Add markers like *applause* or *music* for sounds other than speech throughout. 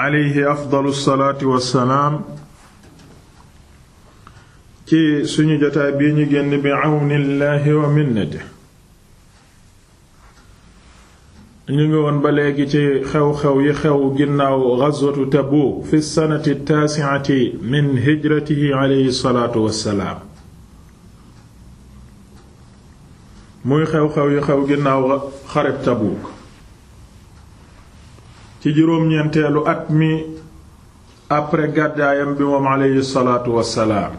alayhi afdalu salaati salaam ci suñu jotaay bii ñu génn bi àwnillaahi wa minnati ñu ngi woon ba léegi ci xew-xew yi xew ginnaaw gazwatu Tabuuk fi sanati taasi'ati min hijratihi alayhi salaatu wassalaam muy xew-xew yi xew ginnaaw xareb Tabuuk ci juróom-ñeenteelu at mi après gàddaayam bi moom aleyhi salaatu wassalaam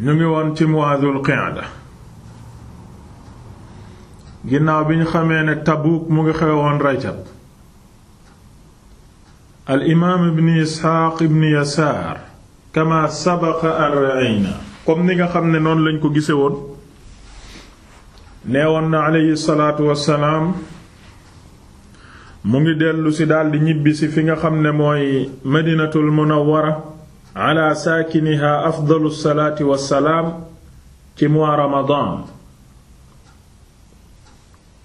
ñu ngi woon ci mois dul qa'da ginnaaw bi ñu xamee ne tabuuk mu ngi xewoon rajab al imaam ibn isxaaq ibn yasaar kama sabaqa an ra'ayna comme ni nga xam ne noonu lañ ko gise woon neewoon na aleyhi salaatu wassalaam mu ngi dellu si ñibbisi fi nga xam ne mooy madinatul munawwara ala saakiniha afdalu salaati wassalaam ci mois ramadan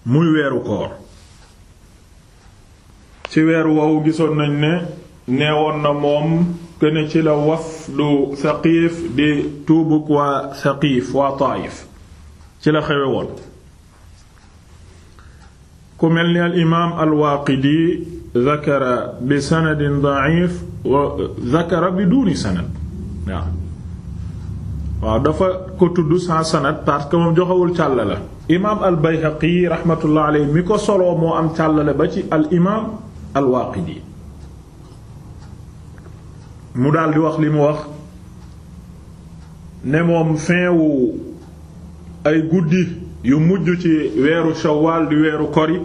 muy weeru ci weer woowu gisoon nañ ne neewoon na moom gëna ci la wafdu saqiif di tuubuk waa saqiif waa taayif ci la xewe woon ku mel ni al imaam al waaqidi zakara bi sanad waaw waaw dafa ko tudd sans sanad parce que moom joxawul càllale imaam al bayhaqi rahmatullah mi ko soloo moo am càllale ba ci al imaam al waaqidi mu daal di wax li mu wax ne moom fin wu ay guddi yu mujj ci weeru shawaal di weeru kori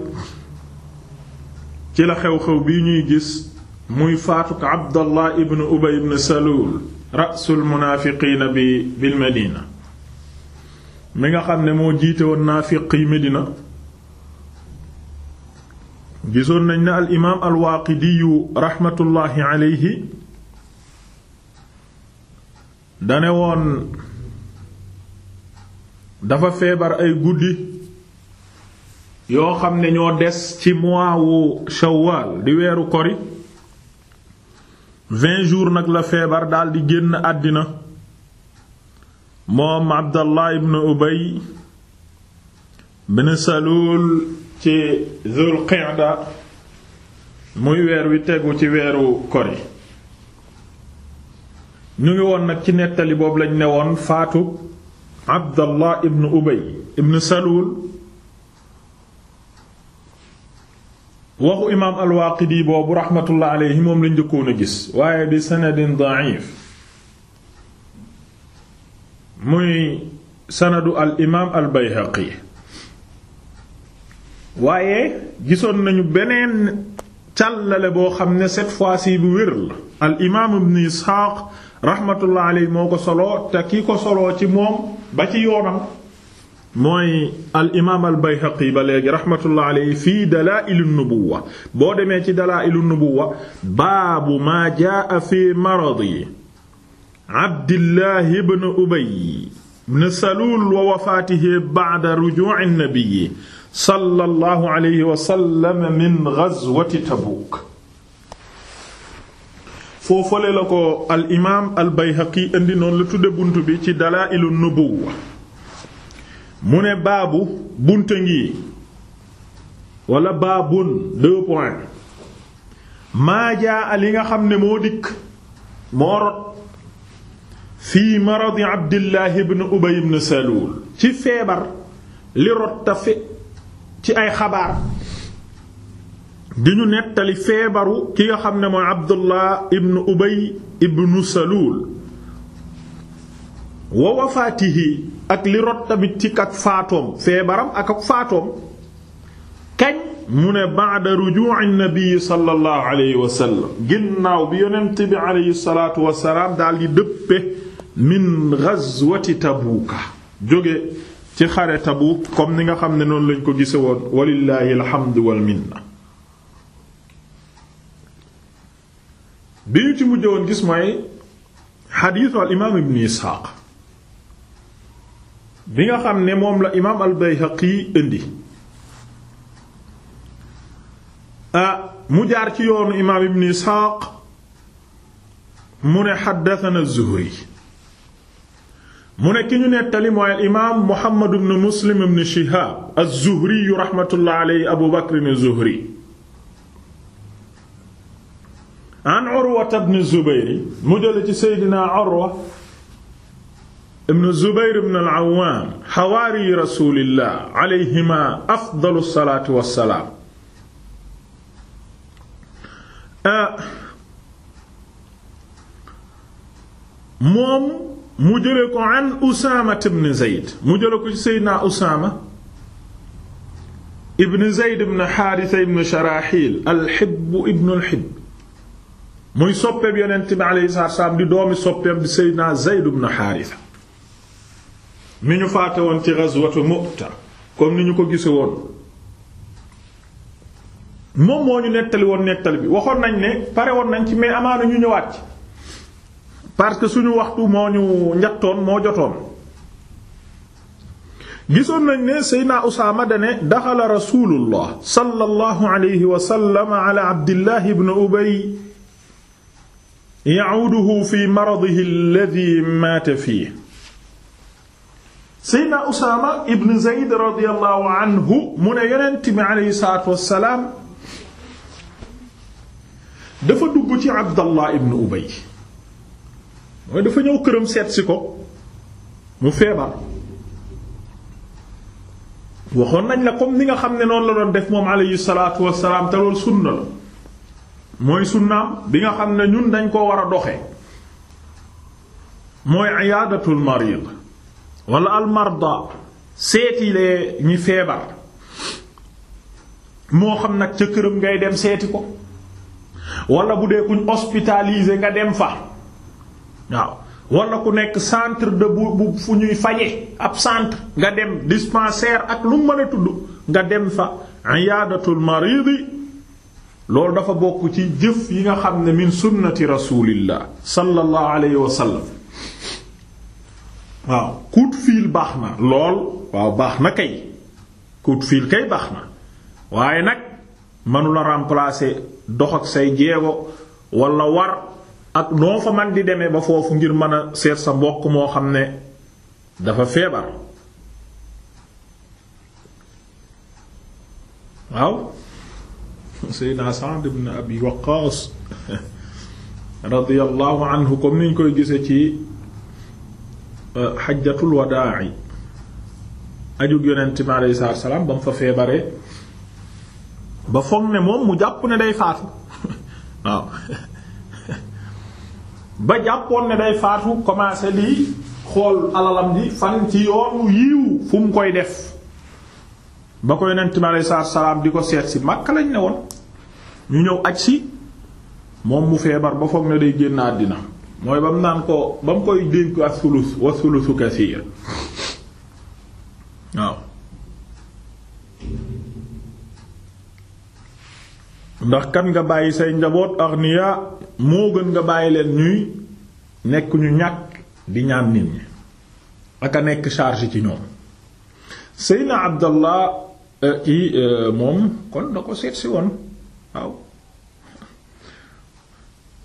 ci la xew-xew bi ñuy gis muy faatuk abdallah ibn ubay ibn salul rasul munaafiqiina bi bil medina mi nga xam ne moo jiite woon naafiq yi medina gisoon nañ ne al imaam raxmatullaahi aleyhi dane woon dafa feebar ay guddi yoo xam ne ñoo des ci mois wu shawwal di weeru kori vingt jours nag la feebar daldi génn àddina moom abdallah ibn ubay bin salul ci zul qa'da muy weer wi tegu ci weeru kori ñu ngi woon nag ci nettali boobu lañ ne woon faatu Abdallah ibn Ubay ibn Salul waxu imaam al-Waaqidi boobu raxmatullah moom lañ njëkkoon a gis waaye bi sanadin da'if muy sanadu al imaam waaye gisoon nañu beneen càllale boo xam ne cette fois-ci bu wér la al imaam ibn Isxaaq raxmatullah alayhi moo ko solo te ki ko solo ci moom. ba ci yoonam mooy al imaam al bayhaqi ba léegi rahmatullah alayhi fii dalaa'il an-nubuwwa boo demee ci dalaa'il an-nubuwwa baabu maa jaa'a fi maradi abdillahi ibn ubay ibn saluul wa wafaatihi ba'da rujuu'i an-nabi sallallahu alayhi wa sallam min ghazwati tabuuk foofale la ko al imaam al bayhaqi indi noonu la tudd bunt bi ci dalaa'ilu nubuwa mu ne baabu bunta ngi wala baabun deux points maa jaa nga xam ne moo dikk moo rot fii maradi abdillah ibn ubay ibn salul ci feebar li rot ta ci ay xabaar di ñu nettali feebaru ki nga xam ne mooy Abdullah ibn Ubay ibn Salul wa wafaatihi ak li rot tamit ci ak faatoom feebaram ak ak faatoom kañ mu ne ba'da ruju'i nabi sallallahu alayhi wa bi yonent bi alayhi salaatu wa daal di dëppe min ghazwati Tabuuka jóge ci xare Tabuuk comme ni nga xam ne noonu lañ ko gise woon walillahi wal minna ñu woon gis mooy xadiisu al imaam ibn xam ne moom la imaam al Bayhaqi indi ah, mu jaar ci yoonu imaam ibn Isxaaq mu ne xaddatana Zuhri mu ne ki ñu nettali mooy al imaam Muhammad ibn Muslim ibn Shihaab az-Zuhri rahmatullahi Abu Bakr zuhri an Urwa ibn Zubayr mu jële ci Seydina Urwa ibn Zubayr ibn al-Awwam xawaari rasulillah alayhima afdalu salaatu wassalaam ah, moom mu jële ko an Usaama ibn Zayd mu jële ko ci Seydina Usaama ibn Zayd ibn Haarisa ibn Sharaxiil al-Hibb ibn al-Hibb muy soppeem yonent bi alayhi salaatu salaam di doomi soppeem bi Seydina Zayd ibn Haarisa mi ñu faate woon ci ghazwatu Mu'ta comme ni ñu ko gise woon moom moo ñu nettali woon nettali bi waxoon nañ ne pare woon nañ ci mais amaana ñu ñëwaat ci parce que suñu waxtu moo ñu njattoon moo jotoon gisoon nañ ne Seydina Usaama dane daxala rasulullah sallallahu alayhi wa sallam ala Abdullah ya'uduhu fi maradihi alladhi maata fiihi seydna usaama ibn zeyd radiallahu anhu mu ne yonent bi aleyhi salaatu wassalaam dafa dugg ci abdallah ibn ubay mooy dafa ñëw këram si ko mu feebar waxoon nañ la comme ni nga xam ne noonu la doon def moom aleyhi salaatu wassalaam te loolu sunna mooy sunnaam bi nga xam ne ñun dañ koo war a doxe mooy iyaadatul marid walla al seeti lee ñi feebar moo xam nag ca këram ngay dem seeti ko wala bu dee kuñ hospitalisé nga dem fa waaw wala ku nekk centre de bu fu ñuy faje ab centre nga dem dispensaire ak lu mën a tudd nga dem fa iyaadatul maridi loolu dafa bokk ci jëf yi nga xam ne min sunnati rasulillah sallallahu alayhi wa sallam waaw coup de baax na lool waaw baax na kay coup de kay baax na waaye nag mënula remplacer dox ak say jeego wala war ak noo fa man di deme ba foofu ngir mën a seet sa mbokk moo xam ne dafa feebar waaw Seydina Sa'd ibn Abi Waqqas radiyallahu anhu comme niñ koy gise ci xajjatul euh, wadaa'i ajug yonent bi alayhi salaatu wa salaam ba mu fa feebaree ba foog ne moom mu jàpp ne day faatu *laughs* waaw *laughs* ba jàppoon ne day faatu commencé di xool alalam ji fan ci yoonu yiiw fu mu koy def ba ko yonent bi alayhi salaatu wa salaam di ko seet si Makka lañ ne woon ñu ñëw aj si moom mu feebar ba foog na day génn àddina mooy ba mu naan ko ba mu koy dénk ak sulus wa sulusu kasiir waaw ndax kan nga bàyyi say njaboot arniya moo gën nga bàyyi leen ñuy nekkuñu ñàkk di ñaan nit ñi ak a nekk charge ci ñoom seyna abdallah ci eh, eh, moom kon da ko seet si woon waaw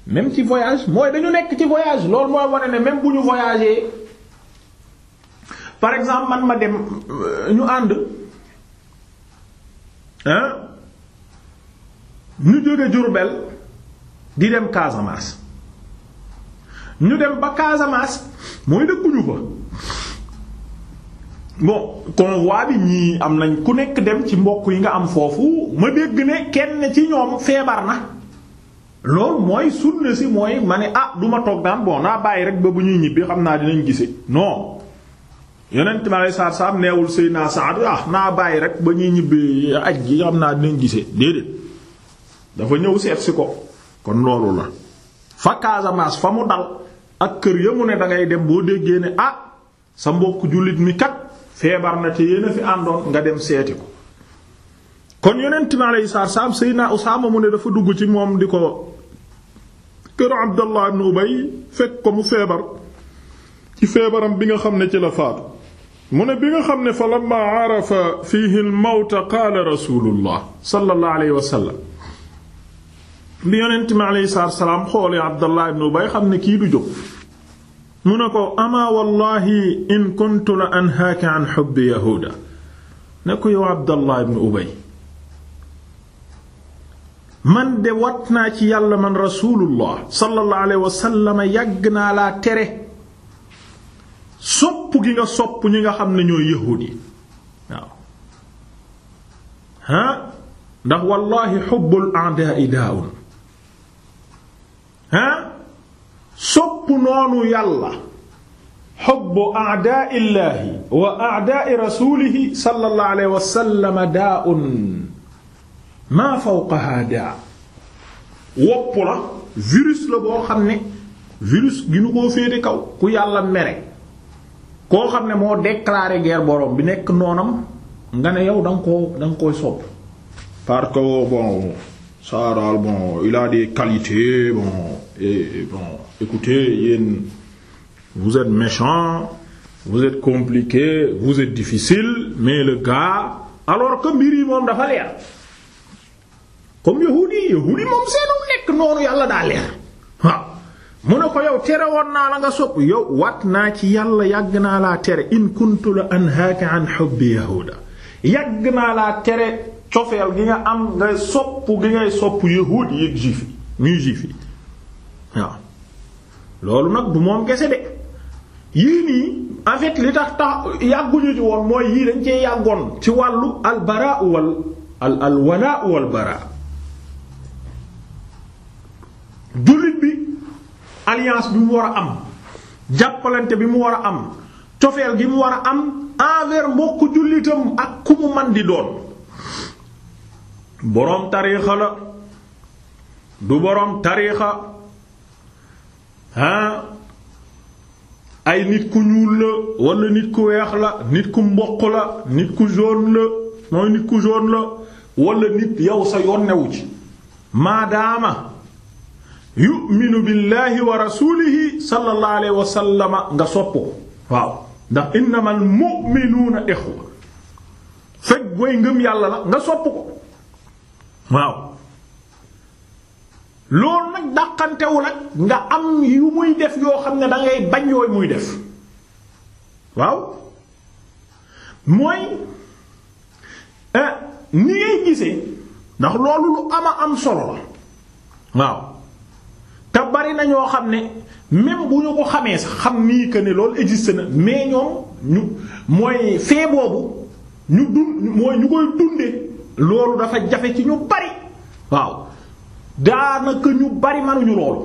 même ci voyage mooy dañu nekk ci voyage loolu mooy wane ne même bu ñu voyagé par exemple man ma dem euh, ñu ànd hein ñu jóge Diourbel di dem Casamance ñu dem ba Casamance mooy dëkkuñu fa bon convoi bi am nañ ku nekk dem ci mbokk yi nga am foofu ma dégg ne kenn ci ñoom feebar na loolu mooy sunna si mooy ma ne a ah, du ma toog daan bon naa bàyyi rek ba bu ñuy ñibbi xam naa dinañ gise non yonent mi aleyhi salaatu salaam neewul Seydina Saad ah naa bàyyi rek ba ñuy ñibbi aj gi xam naa dinañ gise déedéet dafa ñëw seet si ko kon loolu la fa Casamance fa mu dal ak kër ya mu ne dangay dem boo déggee ne ah sa mbokk jullit mi kat feebar na te yéen a fi àndoon nga dem seeti ko kon yonent bi alayhi salaatu salaam Seydina Usaama mu ne dafa dugg ci moom di ko kër Abdallah ibn Ubay fekk ko mu feebar ci feebaram bi nga xam ne ci la faatu mu ne bi nga xam ne fa lamma arafa fiihi al-mawta qaala rasuulullah sallallahu alayhi wa sallam bi yonent Abdallah ibn Ubay xam ne kii du jóg mu ne ko ama wallahi in kuntu la anhaaka an hubbi yahuuda ne ko yow Abdallah ibn Ubay man de wat naa ci yàlla man rasulullah sallallahu wa sallam yàgg naa laa tere sopp gi nga sopp ñi nga xam ne ñoo yahuud yi waaw ndax wallahi xubbul a'da'i daa'un ah sopp noonu yàlla xob a'da'i llahi wa a'da'i rasulihi sallallahu alayhi wa sallam maa fawqaha daa wopp la virus la boo xam ne virus gi nu koo féete kaw ku yàlla mere koo xam ne moo déclaré ger borom bi nekk noonam nga ne yow da nga koo da nga koy parce que bon ça daal bon il a des qualité bon et bon écoutez yéen vous êtes méchant vous êtes compliqué vous êtes difficile mais le gars alors que mbir yi moom dafa leer comme yahuud yi yahuud yi moom nekk noonu yàlla daa mu ne ko yow tere woon naa la nga sopp yow wat naa ci yàlla yàgg naa laa tere in kuntu la anhaaka an hubbi yahuuda yàgg naa laa tere cofeel gi nga am ngay sopp gi ngay sopp yahuud yi ak juif yi ñuy juif loolu nag du moom gese de yii nii en li tax tax yàgguñu ci woon mooy yii dañ cee yàggoon ci wàllu al baraa al walaa wal baraa jullit bi alliance bi mu war a am jàppalante bi mu war a am cofeel gi mu war a am envers mbokk jullitam ak ku mu man di doon boroom tariixa la du boroom tariixa ah ay nit ku ñuul la wala nit ku weex la nit ku mboq la nit ku jaune la mooy nit ku jaune la wala nit yow sa yoon newu ci maadaama yu'minu billahi wa rasulihi sallallahu alayhi wa sallama nga sopp ko waaw ndax innamal mu'minuuna ixwa fekk way ngëm yàlla la nga sopp ko waaw loolu nag dàqantewul ak nga am yu muy def yoo xam ne da ngay bañ yooyu muy def waaw mooy eh, ni ngay gisee ndax loolu lu ama am solo la waaw te bari na ñoo xam ne même bu ñu ko xamee sax xam nii que ne loolu existe na mais ñoom ñu mooy fee boobu ñu dund mooy ñu koy dundee loolu dafa jafe ci ñu bari waaw daanaka ñu bari mënuñu loolu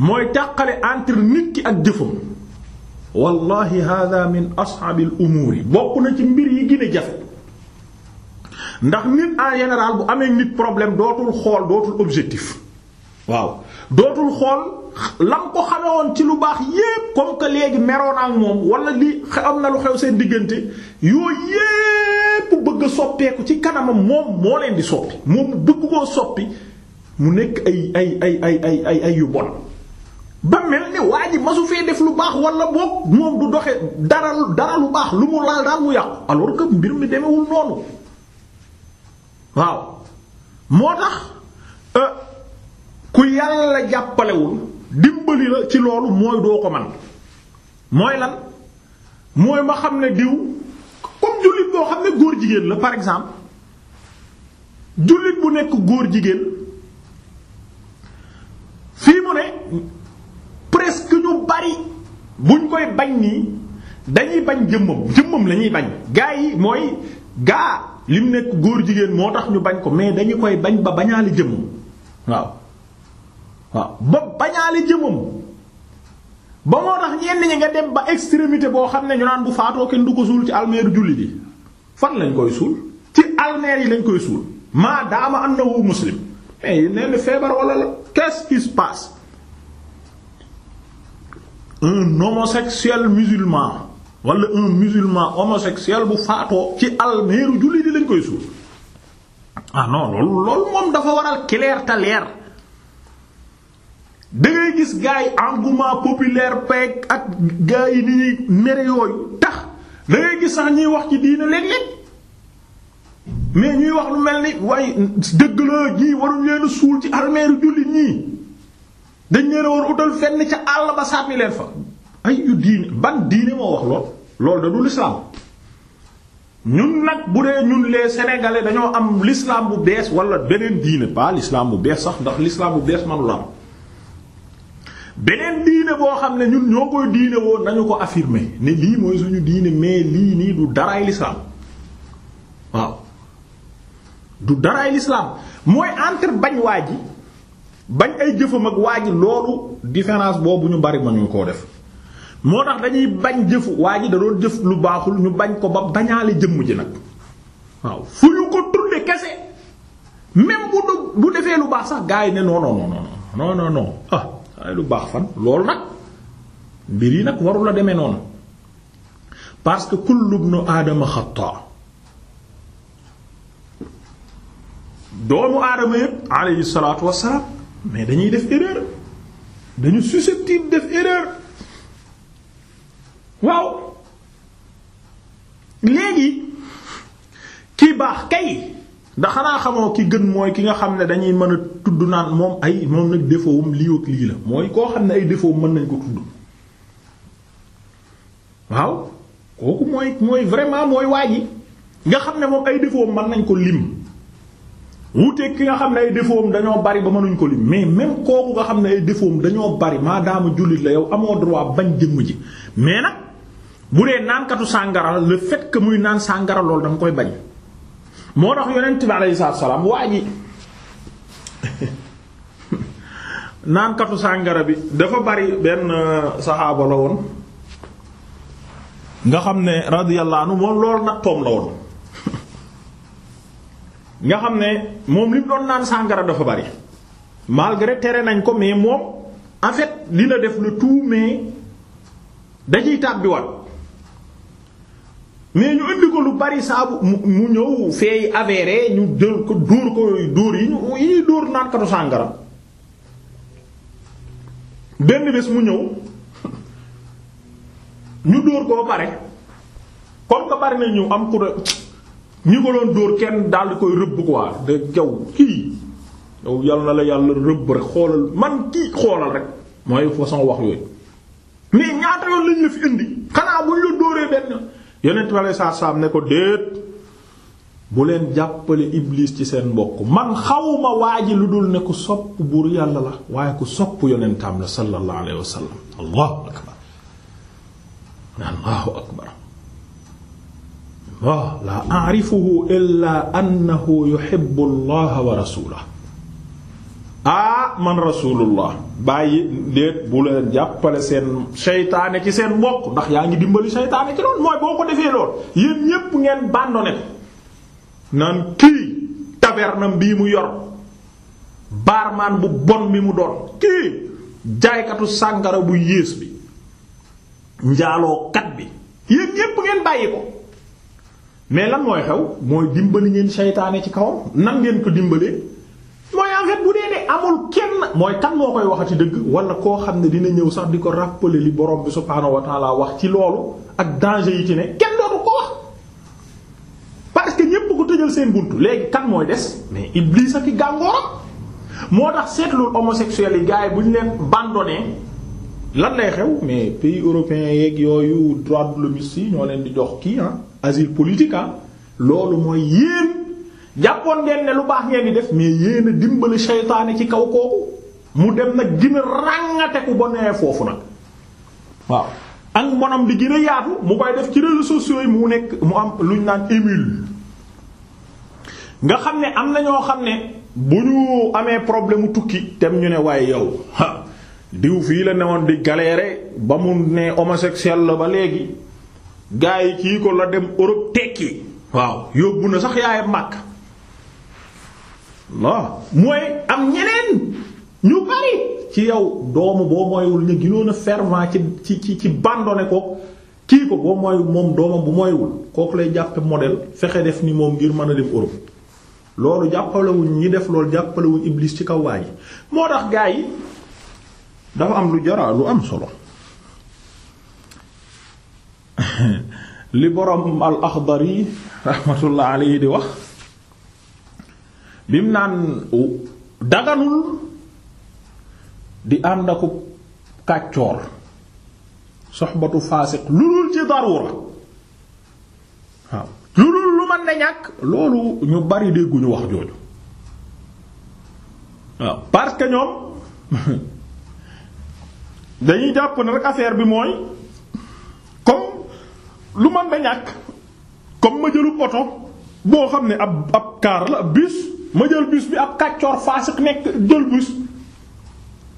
mooy tàqale entre nit ki ak jëfam wallahi hada min asxaabil umuuri bokk na ci mbir yi gën a jafe ndax nit en général bu amee nit problème dootul xool dootul objectif waaw dootul xool lam ko xame ci lu baax yépp comme que léegi meroon ak moom wala li am na lu xew seen diggante yooyu yépp bëgg soppeeku ci kanamam moom moo leen di soppi moom bëgg koo soppi mu nekk ay ay ay ay ay yu bon ba mel ni waa ji masu fee def lu baax wala boog moom du doxe dara dara lu baax lu mu laal daal mu yàqu alors que mbir mi demewul noonu waaw moo tax euh, ku yàlla jàppalewul dimbali la ci loolu mooy doo ko man mooy lan mooy ma xam ne diw comme jullit boo xam ne góor jigéen la par exemple jullit bu nekk góor jigéen fii mu ne presque ñu bari buñ koy bañ nii dañuy bañ jëmmam jëmmam lañuy bañ gaa yi mooy gaa lim nekk góor jigéen moo tax ñu bañ ko mais dañu koy bañ ba bañaa bañaale jëmm waaw waaw ba bañaale jëmam ba moo tax ñenn ñi nga dem ba extremité boo xam ne ñu naan bu faatoo kenn du ko suul ci almeeru julli fan lañ koy suul ci almeer yi lañ koy suul maa daama annahu muslim mais feebar wala la qu'est-ce qui se passe un homosexuel musulman wala un musulman homosexuel bu faatoo ci almeeru julli di lañ koy suul ah non loolu loolu moom dafa waral clair te da gis gars yi engouement populaire peeg ak gars yi ni ñuy tax da ngay gis sax ñuy wax ci diina léeg-léeg mais ñuy wax lu mel ni waaye dëgg la ji waruñ leen suul ci armeeru jullit ñii dañ leen a war utal fenn ca àll ba sànni leen fa ay yu diine ban diine moo wax lool loolu da du ñun nag bu dee ñun les sénégalais dañoo am l'islam bu bees wala beneen diine pas l'islam bu bees sax ndax l'islam bu bees manula am beneen diine boo xam ne ñun ñoo koy diine woon nañu ko affirmer ne lii mooy suñu diine mais lii nii du ay l'islam waaw du daraay l'islam mooy entre bañ waa ji bañ ay jëfam ak waaj ji loolu différence boobu ñu bari ma ñu koo def moo dañuy bañ jëfu waa ji jëf lu baaxul ñu bañ ko ba bañaale jëmm ji nag waaw fu ñu ko tudde kese même bu du bu defee lu baax sax gars ne non non ah. waaye du baax fan loolu nag mbir yi nag warula a demee noonu parce que kullu ibnu aadama xataa doomu aadama yépp alayhi mais dañuy def erreur dañu susceptible def erreur waaw léegi ki baax kay ndax xanaa xamoo ki gën mooy ki nga xam ne dañuy mën a tudd naan moom ay moom nag défaut am lii la mooy koo xam ne ay défaut mën nañ ko tudd waaw kooku mooy mooy vraiment mooy waa yi nga xam ne moom ay défaut am mën nañ ko lim wuuteeg ki nga xam ne ay défaut dañoo bari ba mënuñ ko lim mais même kooku nga xam ne ay défaut am dañoo bari maadaama jullit la yow amoo droit bañ jëmm ji mais nag bu dee naankatu sàngara le fait muy naan sàngara loolu danga koy bañ. moo tax yonent bi alayhi salaatu salaam waa ji naan sàngara bi dafa bari benn euh, saxaaba la woon nga xam ne radiyallahu anhu moom loolu nag toom la woon nga xam ne moom li mu doon naan sàngara dafa bari malgré tere nañ ko mais moom en fait la def le tout mais da ciy tàbbiwaat mais ñu indi ko lu bari saabu mu ñëw feey avéré ñu jël ko dóor ko yooyu dóor yi ñuy dóor naan katu sàngara benn bis mu ñëw ñu dóor ko ba pare comme bari na ñu am ku de ñi ko doon dóor kenn daal koy rëbb quoi de jaw kii yow yal na la yàlla rëbb rek xoolal man kii xoolal rek mooy façon wax yooyu mais ñaata yoon lañ la fi indi xanaa buñ la dóoree benn. yonent bi aleyhi salaatu ne ko déet bu leen jàppale ibliis ci seen mbokk man xawma waa ji lu dul ne ku sopp buur yàlla la waaye ku sopp yonentam la sallallahu allahu akbar allahu akbar allah la a'rifuhu illa annahu yuhibbu wa rasulahu aa ah, man rasulullah bàyyi déet bu leen jàppale seen seytaane ci seen mbokk ndax yaa ngi dimbali seytaane ci lool mooy boo ko defee lool yéen ñépp ngeen bàndoone ko naan kii mu yor barman bu bi mu doon kii jaaykatu sàngara bu yées bi njaalookat bi yéen ñépp ngeen bàyyi ko mais lan mooy xew mooy dimbali ngeen seytaane ci kaw nan ngeen ko dimbalee en fait bu dee ne amul kenn mooy kan moo koy ci dëgg wala koo xam ne dina ñëw sax di ko rappeler li borom bi subhaanahu wa taala wax ci loolu ak danger yi ci ne kenn dootu ko wax parce que ñépp ko tëjal seen bunt léegi kan mooy des mais Iblis ak i gàngooram moo tax seetlul homosexuels yi gars bu ñu leen bandonné lan lay xew mais pays européens yeeg yooyu droit de l'homme yi ñoo leen di jox kii ah asile ah loolu mooy yéen. jàppoon ngeen ne lu baax ngeen di def mais yéen dimbali seytaane ci kaw kooku mu dem nag gina ràngate ku ba nee foofu nag waaw ak mbonam bi gën yaatu mu koy def ci réseaux sociaux yi mu nekk mu am lu luñ naan émule nga xam ne am na ñoo xam ne bu ñu amee problème mu tukki tem ñu ne waaye yow diw fii la newoon di galéré ba mu ne homosexuel la ba léegi gars yi kii ko la dem Europe tekki waaw yóbbu na sax yaayam màkk la mooy am ñeneen ñu bari ci yow doomu boo mooywul ñu ginoon a ci ci ci bandone ko kii ko boo mooy moom doomam bu mooywul kooku lay jàppe fexe def ni moom ngir mën a dem Europe loolu jàppalewuñ ñi def loolu jàppalewuñ Iblis ci kaw waaji moo tax gaa yi dafa am lu jara lu am solo *laughs* li borom al Axdari rahmatullah alayhi di wax bi mu naan daganul di ànd ak kàccoor soxbatu faasiq lu dul ci daruura waaw lu dul lu mën na ñàkk loolu ñu bari dégguñu wax jooju waaw parce que ñoom *laughs* dañuy jàpp ne rek affaire bi mooy comme lu mën na ñàkk comme ma jëlub oto boo xam ne ab ab kaar la ab ma jël bus bi ab kàccoor faasik nekk jël bus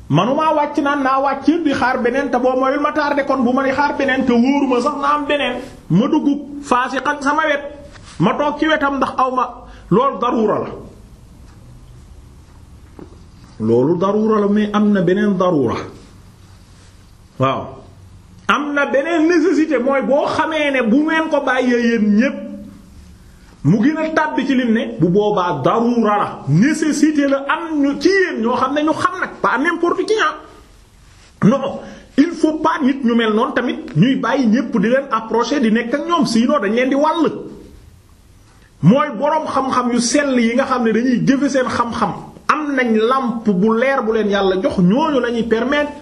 manumaa wàcc naan naa wàcc di xaar beneen te boo moyul ma tardé kon bu ma di xaar beneen te wóoruma sax na am beneen ma dugg faasik ak sama wet ma toog ci wetam ndax aw ma loolu daruura la loolu daruura la mais am na beneen daruura waaw am na beneen nécessité mooy boo xamee ne bu ngeen ko bàyyee yéen ñépp mu gën a tàbbi ci lim ne bu boobaa darura la nécessité la am ñu ci yéen ñoo xam ne ñu xam nag pas n'importe qui ah non il faut nit ñu mel noonu tamit ñuy bàyyi ñépp di leen approcher di nekk ak ñoom sinon dañ leen di wàll mooy boroom xam-xam yu sell yi nga xam ne dañuy jëfe seen xam-xam am nañ làmp bu leer bu leen yàlla jox ñooñu lañuy ñuy permettre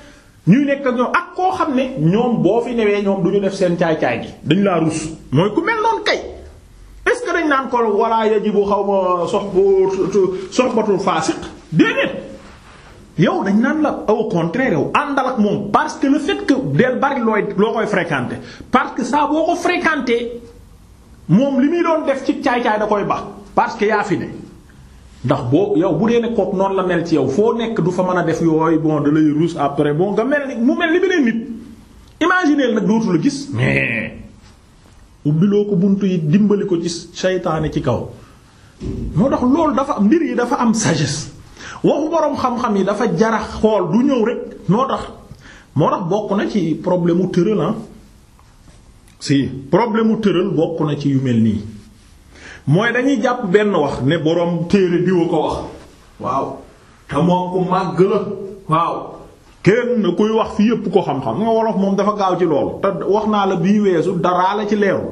ñuy nekk ak ñoom ak koo xam ne ñoom boo fi newee ñoom duñu ñu def seen caay-caay gi dañ laa rus mooy que dañ naan ko wala yajibu xaw ma soxbu soxbatul faasiq déedéet yow dañ naan la au contraire yow àndal ak moom parce que le fait que del bari looy loo koy fréquenter parce que saa ko fréquenter moom li muy doon def ci caay-caay da koy bax parce que yaa fi ne ndax boo yow bu dee ne kook noonu la mel ci yow foo nekk du fa mën a def yooyu bon da lay ruus après bon nga mel ni mu mel ni beneen nit imaginez nag dootu la gis ubbiloo ko bunt yi dimbali ko ci seytaane ci kaw moo tax loolu dafa mbir yi dafa am sagesse waxu boroom xam-xam yi dafa jara xool du ñëw rek moo tax moo tax bokk na ci problème mu tëral ah. si problème mu tëral bokk na ci yu mel nii mooy dañuy jàpp benn wax ne boroom téere diwa ko wax waaw te moom ku màgg la waaw kenn kuy wax fi yépp ko xam-xam nga wolof moom dafa gaaw ci loolu te wax naa la bii weesu daraa la ci leerul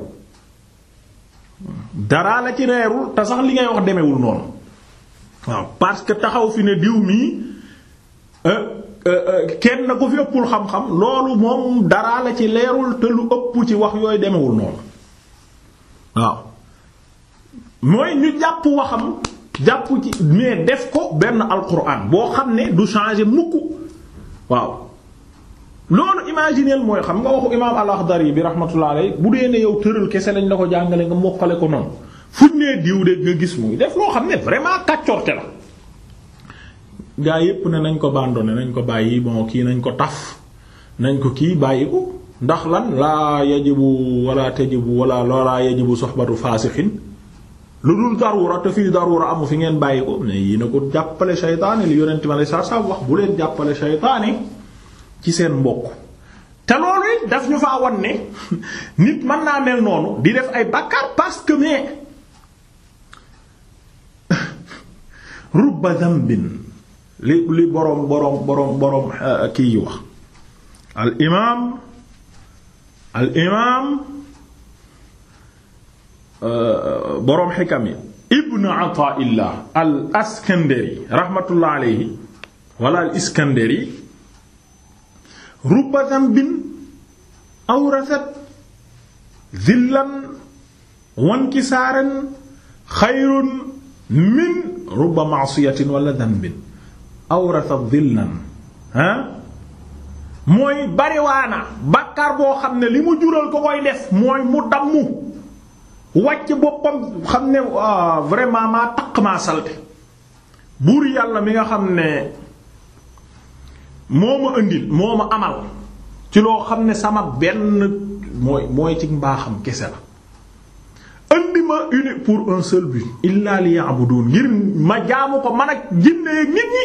dara la ci leerul te sax li ngay wax demewul noonu waaw parce que taxaw fi ne diw mii euh, euh, euh, kenn ku fi ëppul xam-xam loolu moom dara la ci leerul te lu ëpp ci wax yooyu demewul noonu waaw mooy ñu jàpp waxam jàpp ci mais def ko benn alquran boo xam ne du changer mukk waaw loolu imagineel mooy xam nga waxu imaam al-Akhdari bi rahmatullah bu dee ne yow tëral kese lañ la ko jàngale nga mokkale ko noonu fuñ nee diw de nga gis muy def loo xam ne vraiment kàccorte la gaa yépp ne nañ ko ne nañ ko bàyyi bon kii nañ ko taf nañ ko kii bàyyi ko ndax lan laa yajibu wala tajibu wala laa yajibu soxbatu faasixin lu dul darura te fii darura amu fi ngeen bàyyi ko mais yii na ko jàppale shaytaane li yonent ma lay saa saa wax bu leen jàppale shaytaane ci seen mbokk te loolu it daf ñu faa wan ne *laughs* nit mën naa mel noonu di def ay bàkkaar parce que mais *laughs* rubba dambin li li boroom boroom boroom boroom euh, kii wax al imaam Euh, boroom xikam yi ibn ataillah al askandari rahmatullah alayhi wala al iskandari rubba dambin awrasat zillan wankisaaran xayrun min rubba ma'siyatin wala dambin awrasat zillan ah mooy bariwaana bàkkaar boo xam ne li mu jural ko koy def mooy mu dammu wàcc boppam xam ne ah, vraiment maa taq maa salte buur yàlla mi nga xam ne moo ma indil moo ma amal ci loo xam ne sama benn mooy mooy ci mbaaxam kese la indi ma uni pour un seul but illa liya'budun ngir ma jaamu ko man ak jinne ak ñi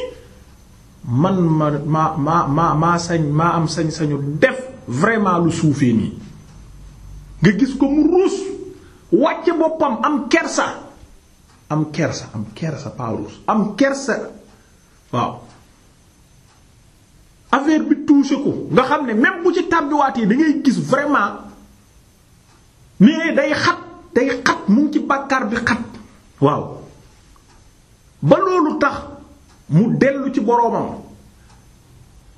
man ma ma ma ma maa sañ maa am sañ-sañu def vraiment lu suufee nii nga gis ko mu ruus wàcc boppam am kersa am kersa am kersa parus am kersa waaw affaire bi touché ko nga xam ne même bu ci tàbbiwaatee da ngay gis vraiment mais day xat day xat mu ngi ci bàkkaar bi xat waaw ba loolu tax mu dellu ci boroomam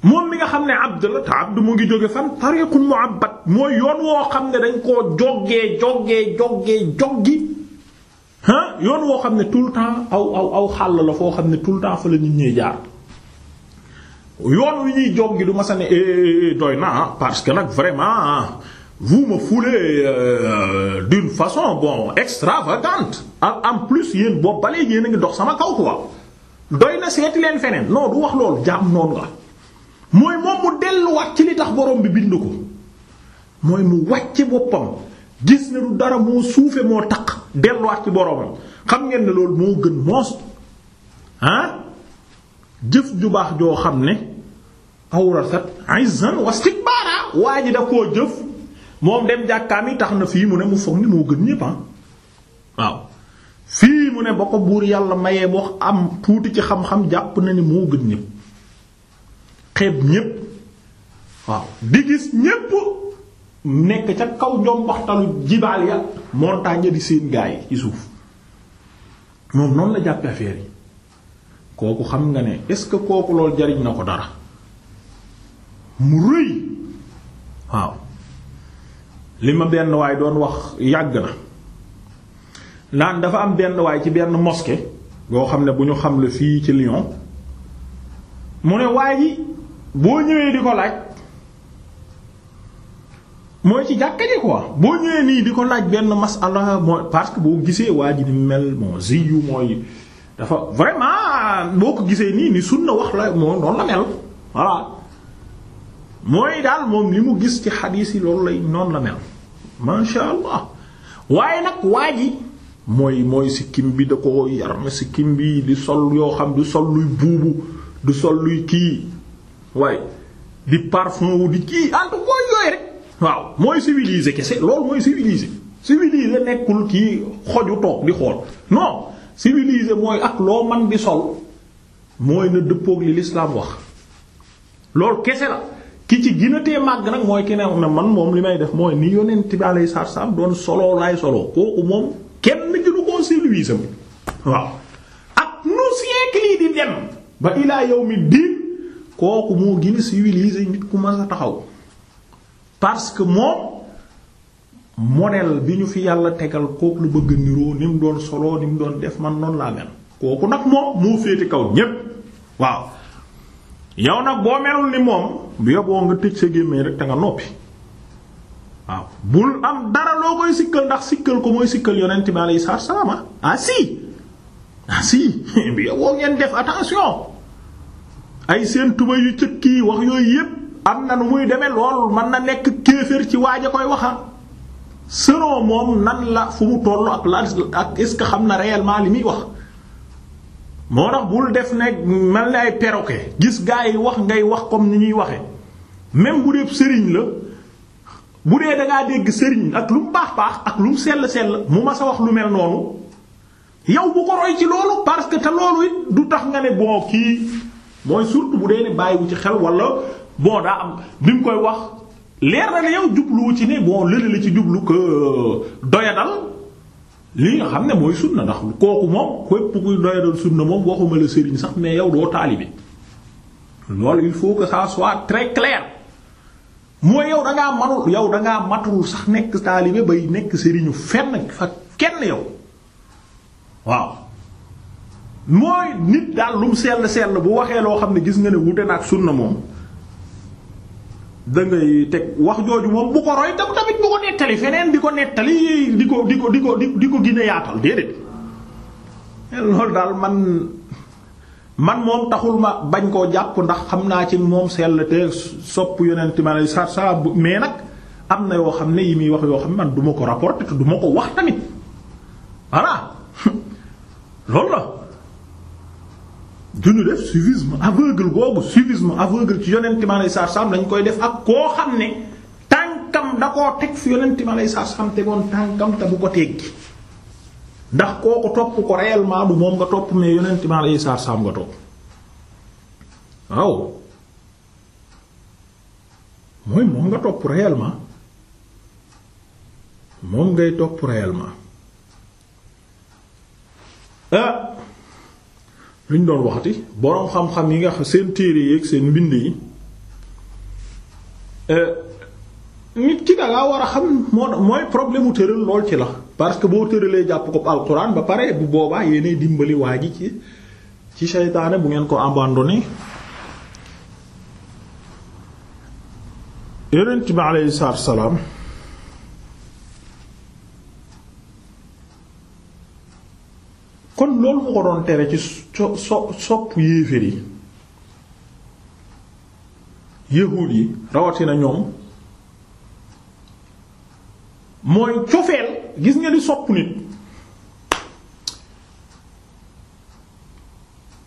moom mi nga xam ne abd la te abd mu ngi jóge fan tariqul mu'abbad mooy yoon woo xam ne dañ koo joggee joggee joggee joggi ah yoon woo xam ne tout le temps aw aw aw xàll la foo xam ne tout le temps fa la nit ñuy jaar yoon wi ñuy joggi du ma sa ne eh, eh, eh, doy na ah, parce que nag vraiment ah, vous me foulez euh, d'une façon bon extravagante en plus yéen boobu ba léegi a ngi dox sama kaw quoi doy na seeti leen feneen non du wax loolu jaam noonu nga mooy moom mu delluwaat ci li tax borom bi bind ko mooy mu wàcc boppam gis ne du dara moo suufe moo taq delluwaat ci boromam xam ngeen ne loolu moo gën moos ah jëf ju baax joo xam ne awrasat izzan wastikbara waa ji da koo jëf moom dem jàkkaam yi tax na fii mu ne mu foog ni moo gën ñépp ah. waaw fii mu ne ba ko buur yàlla mayee boo am tuuti ci xam-xam jàpp na ni moo gën ñépp xeeb ñépp waaw di gis ñépp nekk ca kaw ñoom waxtalu jibaal ya montagne di seen gaa yi ci suuf moom noonu la jàppe affaire yi kooku xam nga ne est-ce que kooku lool jariñ na ko dara mu rëy waaw li ma benn waay doon wax yàgg na naan dafa am benn waay ci benn moske boo xam ne bu ñu xam la fii ci Lyon mu ne waay yi boo ñëwee di ko laaj mooy ci jàkka ji quoi boo ñëwee nii di ko laaj benn masala mooy parce que boo gisee waa ji ni mel moo ziyu mooy dafa vraiment boo ko gisee nii ni sunna wax la moo noonu la mel li mu gis ci xadiis yi loolu lay noonu waaye nag waa ji mooy mooy sikkim bi da ko yar sikkim bi di sol yoo xam du sol luy buubu du sol luy kii waaye di parfum wu di kii en tout cas rek waaw mooy civilisé kese loolu mooy civilisé civilisé nekkul kii xoju toog di xool non civilisé mooy ak loo man di sol mooy na dëppoog li lislaam wax loolu kese la ki ci ginatee màgg nag mooy ki ne man moom li may def mooy ni yonent bi alayhi salaam doon soloo laay soloo kooku moom kenn jëlu koo civilisé waaw ak nu siècle yi di dem ba ilaa yawmi diin kooku moo gën a civilisé nit ku mën a taxaw parce que moom modèle bi ñu fi yàlla tegal kook lu bëgg niroo ni mu doon solo ni mu doon def man noonu laa mel kooku nag moom moo féete kaw ñépp waaw yow nag boo melul ni moom bu yoboo nga tëj sa gémmiñ rek te nga noppi waaw bul am dara loo koy sikkal ndax sikkal ko mooy sikkal yonent bi alayhi salaam ah, ah si ah si *laughs* bu yoboo ngeen def attention ay seen tuba yu cëkk kii wax yooyu yépp am na nu muy demee lool mën na nekk kéefër ci waaj a koy waxa selon moom nan la fu mu toll ak la ak ce que xam na réellement li muy wax moo tax bul def ne mel ni ay perroquet gis gaa yi wax ngay wax comme ni ñuy waxe même bu sëriñ la bu dee da ngaa dégg sëriñ ak lu baax baax ak lu mu sell sell mu mas a wax lu mel noonu yow bu ko roy ci loolu parce que te loolu it du tax nga ne bon kii mooy surtout bu dee ne bàyyiwu ci xel wala bon daa am bi mu koy wax leer na la yow jubluwu ci ne bon lële la ci jublu que euh, doyadal li nga xam ne mooy sunna ndax kooku moom képp kuy doyadal sunna moom waxuma la sëriñ sax mais yow doo taalibe loolu il faut que ça soit très clair mooy yow da ngaa manul yow da matul sax nekk taalibe bay nekk sëriñu fenn fa kenn yow waaw. mooy nit daal lum sell sell bu waxee loo xam ne gis nga ne wute na ak na moom da teg wax jooju moom bu ko roy tam tamit bu ko nettali feneen di ko nettali di ko di ko di ko di ko gine yaatal déedéet loolu daal man man moom taxul ma bañ koo jàpp ndax xam naa ci moom sell te sopp yonent ma lay sa sa mais nag am na yoo xam ne yi muy wax yoo xam ne man du ko rapporter te du ko wax tamit voilà *laughs* loolu la duñu def suivisme aveugle boobu suivisme aveugle ci yonente ma lay saa saam dañ koy def ak koo xam ne tànkam da koo teg fi yonente ma lay saa saam tegoon tànkam te bu ko teggi ndax kooku topp ko réellement du moom nga topp mais yonente ma lay saa saam nga topp waaw mooy moom nga topp réellement moom ngay topp réellement ah lu ñu doon waxati boroom xam-xam yi nga xam seen téere yi ak seen mbind yi euh, nit ki da ngaa war a xam moo mooy problème mu lool ci la parce que boo tëralee jàpp ko alxuraan ba pare bu boobaa yéenay dimbali waa ji ci ci seytaane bu ngeen ko abandonné. yonent bi aleyhi salaatu wa salaam kon loolu mu ko doon tere ci sopp yéeféer yi yahuud yi rawatina ñoom mooy cofeel gis nga di sopp nit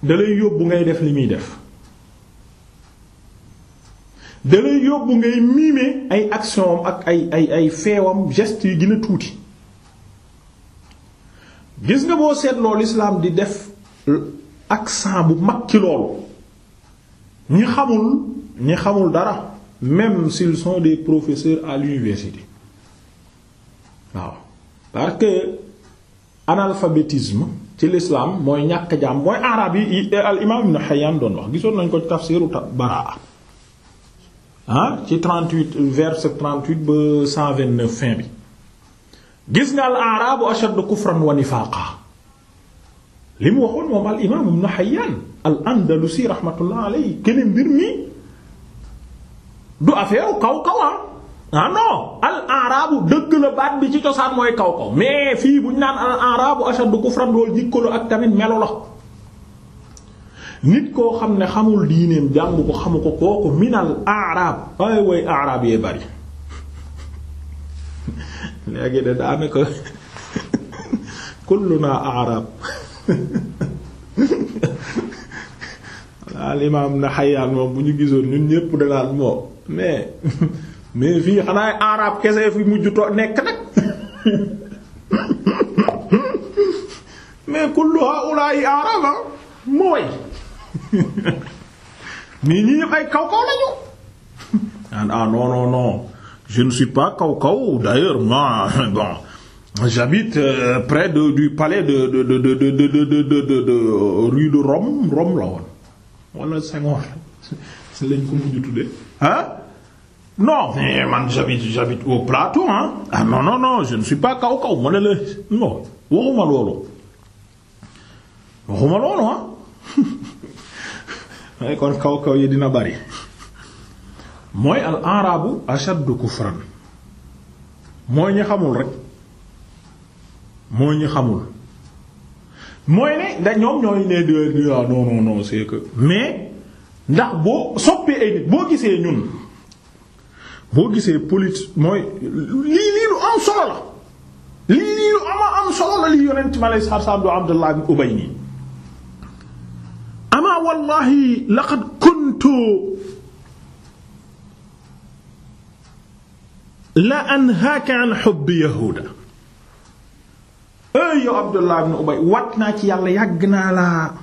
dalay yóbbu ngay def li muy def dalay yóbbu ngay miime ay action ak ay ay feewam gest yi gën tuuti gis nga boo seetloo lislaam di def accent bu mag ci loolu ñi xamul ñi xamul dara même s'ils son des professeurs à l'université waaw parce que analphabétisme ci l'islam mooy ñàkk jaam mooy arab yi al imam na Hayyan doon wax gisoon nañ ko ci tafsiru Baraa ah ci 38 verset 38 ba 129 fin bi gis nga al arabu ashaddu kufran wa nifaaqa li mu waxoon moom al imaam ibn Hayyan al andalusi rahmatullah mbir mi du affaire kaw kawa ah. ah non dëgg la baat bi ci cosaan mooy kaw kaw mais fii bu ñu naan al arabu kufran loolu jikko ak tamit melo la nit koo xam ne xamul diineem jàng ko xamu ko kooku minal arab ay way arab yee bari léegi de daanaka kulluna arab al imam na xayaan moom bu ñu gisoon ñun ñépp danaat moom mais mais fii xanaa arab kese fi mujj to nekk nag mais kullu haula yi araba mooy nii ñi ñëpp ay kaw kaw lañu ah non je ne suis pas kaw kaw d'ailleurs moi bon j'habite près de, du palais de de de de de de de, de, de, de rue Rome Rome la woon wala Senghor lañ ko mujj tuddee ah non mais j'habite j'habite au plateau ah ah non non non je ne suis pas kaw kaw ma ne la non waxuma loolu waxuma loolu ah kon kaw kaw yi dina bari mooy al arabu ashaddu kufran mooy ñi xamul rek moo ñi xamul mooy ne da ñoom ñooy ne de de ah non non non mais ndax boo soppee ay boo gisee ñun boo gisee politique mooy lii lii lu am solo la. lii lii lu ama am solo la lii yonent ma lay saar saar du Abdullah ibn Ubay nii ama wallahi laqad kuntu la anhaaka an hubbi yahuuda eey yow Abdullah ibn Ubay wat naa ci yàlla yàgg naa laa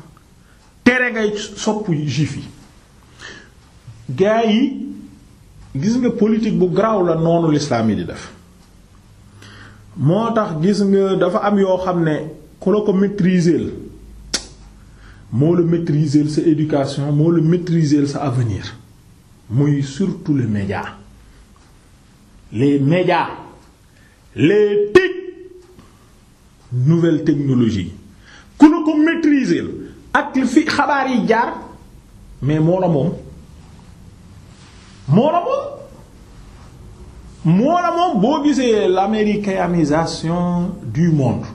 tere ngay sopp juif yi gaa yi gis nga politique bu garaaw la noonu lislaam yi di def moo tax gis nga dafa am yoo xam ne ku la ko maîtriser moo la maîtriser sa éducation moo la maîtriser sa avenir muy surtout les médias les médias les TIC nouvelle technologie ku ne ko maîtriser ak li fi xabaar yi jaar mais moo la moom moo la moom moo la boo gisee l'américanisation du monde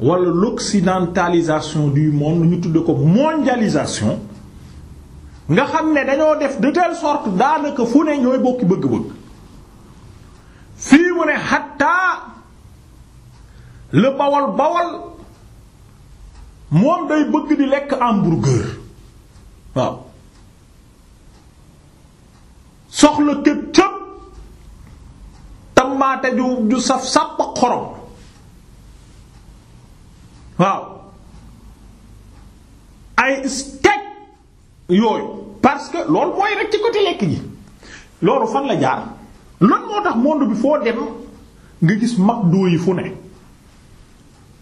wala l'occidentalisation du monde ñu tudde ko mondialisation nga xam ne dañoo def de telle sorte daanaka fu ne ñooy bokki bëgg-bëgg mu ne xattaa le bawol bawol moom day bëgg di lekk hamburger waaw soxla ketchup tamaate ju ju saf sàpp xorom waaw ay steak yooyu parce que loolu mooy rek ci côté lekk gi loolu fan la jaar lan moo tax monde bi foo dem nga gis McDo yi fu ne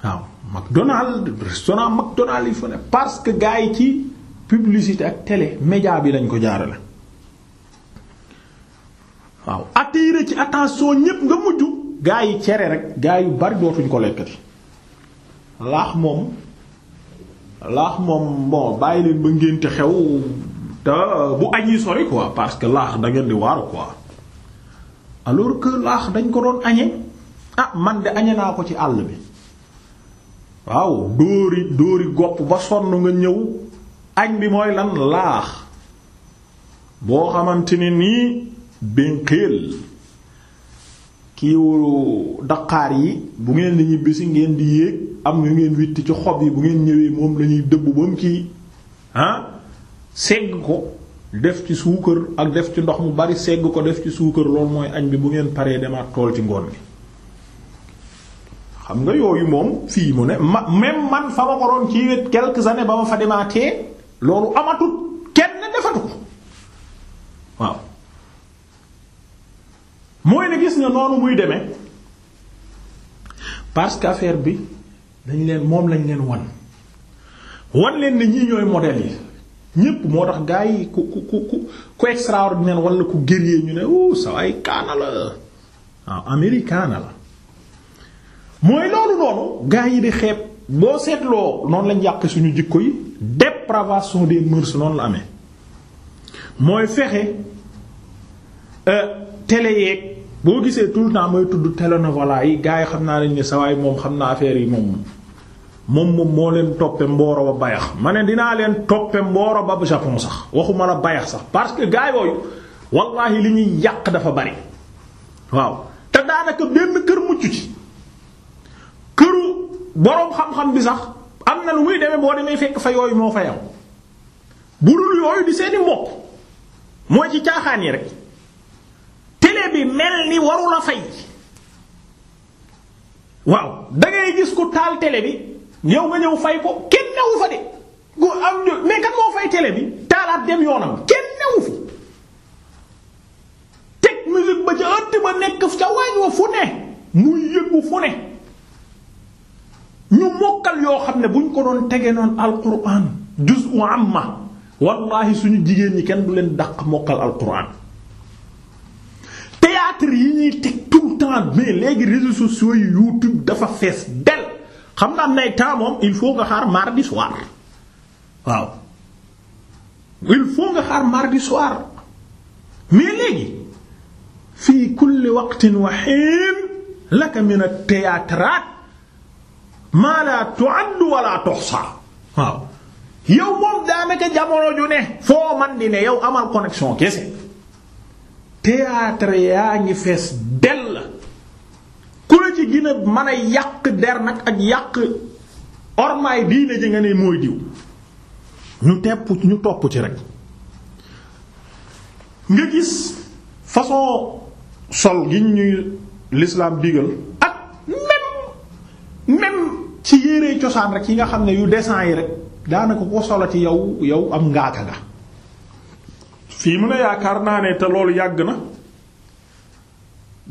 waaw McDonald restaurant McDonald yi fu ne parce que gars yi ci publicité ak télé média bi lañ ko jaarale waaw attirer ci attention ñépp nga mujj gars yi cere rek gars yu bari dootuñ ko lekkati laax moom laax moom bon bàyyi leen ba ngénte xew te bu añi sori quoi parce que laax da ngeen di waaru quoi alors que laax dañ ko doon añe ah man de añe naa ko ci àll bi waaw dóori dóori gopp ba sonn nga ñëw añ bi mooy lan laax boo xamante ne nii bénqéel kiiwu daqaar yi bu ngeen di ñibbisi ngeen di yéeg am nga ngeen witti ci xob yi bu ngeen ñëwee moom lañuy dëbb bam ci ah segg ko def ci suukar ak def ci ndox mu bari segg ko def ci suukar loolu mooy añ bi bu ngeen paree demaat tool ci ngoon bi xam nga yooyu moom fii mu ne ma même man fa ma ko doon ci wet quelques années ba ma fa demaatee loolu amatut kenn defatu ko waaw mooy ne gis nga noonu muy demee parce que affaire bi dañ leen moom lañ leen wan wan leen ne ñii ñooy modèle yi ñépp moo tax gars yi ku ku ku ku extraordinaire wala ku guerrier ñu ne oh sa ay kaana la waaw ah, américaana la mooy loolu noonu gars yi di xeeb boo seetloo noonu lañ yàq suñu jikko yi dépravation des mœurs noonu la amee mooy fexe euh, télé yeeg boo gisee tout le temps mooy tudd télénovela yi gars yi xam naa lañ ne sawaay moom xam naa affaire yi moom. moom moom moo leen toppe mbooro ba bayax ma ne dinaa leen toppe mbooro ba japon sax waxuma la bayax sax parce que gaa yooyu wallahi li ñuy yàq dafa bari waaw te daanaka benn kër mucc ci këru boroom xam-xam bi sax am na lu muy demee boo demee fekk fa yooyu moo fa yam bu dul yooyu di seeni mbokk mooy ci caaxaan yi rek télé bi mel ni warula fay waaw da gis ku taal tele bi yow ma ñëw fay ko kenn newu fa de gu am mais kat moo fay télé bi taalaat dem yoonam kenn newu fi teg musique ba ca ëtt ba nekk ca waañ wa fu ne muy yëngu fu ne ñu mokkal yoo xam ne buñ ko doon tege noon alquran juz'u amma wallahi suñu jigéen ñi kenn du leen daq mokkal alquran théâtre yi ñuy teg tout temps mais léegi réseaux sociaux yi YouTube dafa fees del xam nga am nay temps moom il faut nga xaar mardi soir soir mais léegi fii kulli waqtin wa laka min at-théâtrate ma la tu'addu wa la tuhsa waaw yow moom jamono ju ne foo man di ne yow amal kese théâtre yaa ngi fees del ku la ci gën a mën a yàq der nag ak yàq ormaay diine ji nga ne mooy diw ñu tepp ñu topp ci rek nga gis façon sol gi ñuy lislaam digal ak même même ci yéree cosaan rek yi nga xam ne yu dessin yi rek daanaka ko solati yow yow am ngaaka nga fii mu ne yaakaar naa ne te loolu yàgg na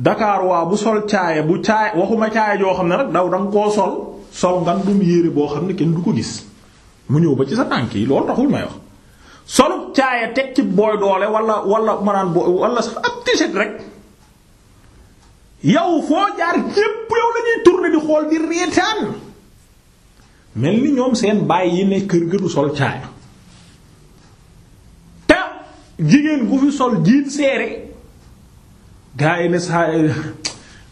Dakar waa bu sol caaya bu caaya waxuma caaya joo xam ne rek daw danga koo sol sol ngan dum yére boo xam ne kenn du ko gis mu ñëw ba ci sa tànk yi loolu taxul may wax solub caaya wala wala manaan booy rek yow la xool di reetaan mel ni ñoom seen bàyyi yi ne kër ga sol caaya te jigéen gu fi sol jiit seere gaa yi ne saa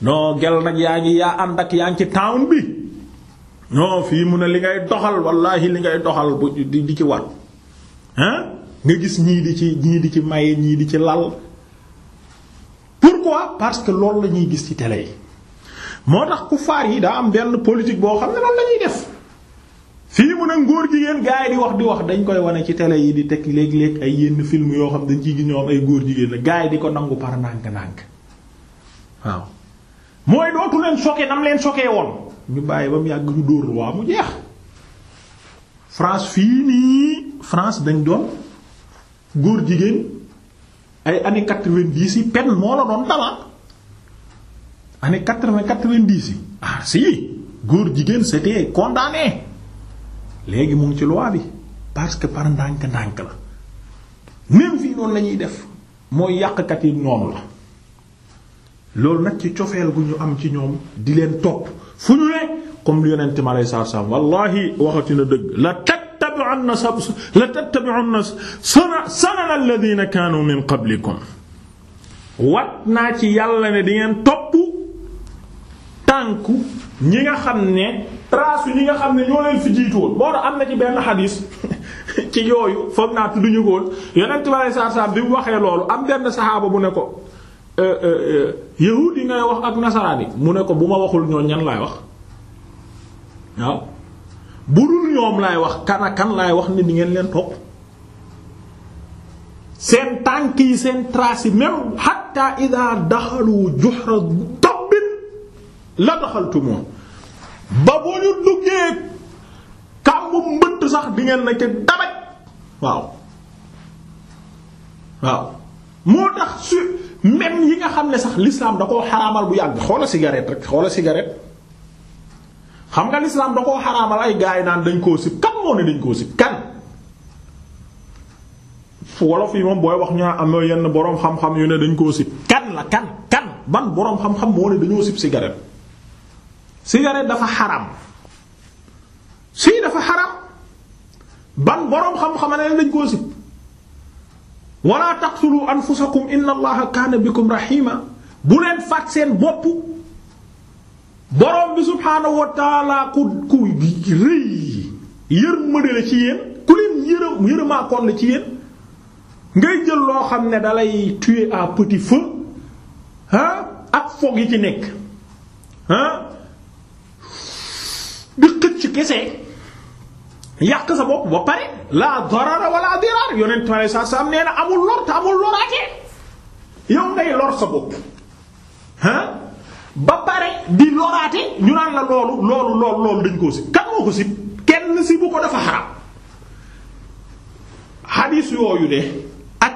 non gel nag yaa ngi yaa ànd ak yaa ngi ci town bi non fii mu ne li ngay doxal wallaahi li ngay doxal bu di ci wat ah nga gis ñii di ci ñii di ci maye ñii di ci lal pourquoi parce que loolu la ñuy gis ci tele yi moo tax ku faar yi daa am benn politique boo xam ne loolu la def fii mu ne ngóor jigéen gaa yi di wax di wax dañ koy wane ci télé yi di teg léeg-léeg ay yenn film yoo xam ne ciy gis ñoom ay góor jigéen la gaa yi di ko nangu par nànk-nànk waaw mooy dootu leen choqué nam leen choqué woon ñu bàyyi ba mu yàgg ñu dóor waa mu jeex France fii nii France dañ doon góor jigéen ay années quatre-vingt-dix yi pen moo la doon dala années quatre-vingt quatre-vingt-dix yi ah si góor jigéen c'était condamné léegi mu ngi ci loi bi parce que par ndànk-ndànk la même fii noonu la def mooy yàqkat yi noonu la loolu nag ci cofeel gu ñu am ci ñoom di leen topp fu ñu ne comme lu yonente mi aleyhi salaatu salaam wallahi waxati na dëgg la tattabi'unna la tattabi'unna sana sanana alladhina kaanu min qablikum wat naa ci la ne di ngeen topp tànku ñi nga xam ne trace nga xam ne ñoo leen fi jiitoon moo tax am na ci benn xadiis *laughs* ci yooyu foog naa tudduñu ko woon yonente mi aleyhi salaatu bi mu waxee loolu am benn saxaaba bu ne ko Euh, euh, euh, yahuud yi ngay wax ak nasaraan yi mu ne ko bu ma waxul ñoo ñan laay wax waaw bu dul ñoom laay wax kanakan lay wax ni di ngeen leen topp seen tànk yi seen trace yi même hatta ida daxalu juhra dabbin la daxaltu moom ba bu ñu duggee kàmbu mbëtt sax di ngeen na ci dabaj waaw waaw moo tax su même yi nga xam ne sax l'islam da koo xaraamal bu yàgg xoola cigarette rek xoola cigarette xam nga l'islam da koo xaraamal ay gars yi naan dañ koo sib kan moo ne dañ koo sib kan yi moom booy wax ñu am yenn boroom xam-xam dañ koo sib kan la kan kan ban boroom xam-xam moo ne dañoo sib cigarette cigarette dafa xaram si dafa xaraam ban boroom xam-xam ne dañ koo sib wala taqtulu anfusakum inna allaha kaana bikum rahima bu leen faat seen bopp borom bi subhaanahu wa ku ku rëy yërmande la ci yéen ku leen yërëm yërëmaakoon la ci yéen ngay jël loo xam ne dalay tuer à petit feu ah ak foog yi ci nekk ah di xëcc kese. yàq sa bopp ba pare la darara wala dirar yonent ma lay sa sam nee na amul lor amul loraatee yow ngay lor sa bopp ah ba pare di loraate ñu naan la loolu loolu loolu dañ koo sib kan moo ko sib kenn si bu ko dafa xaraam xadiis yooyu de ak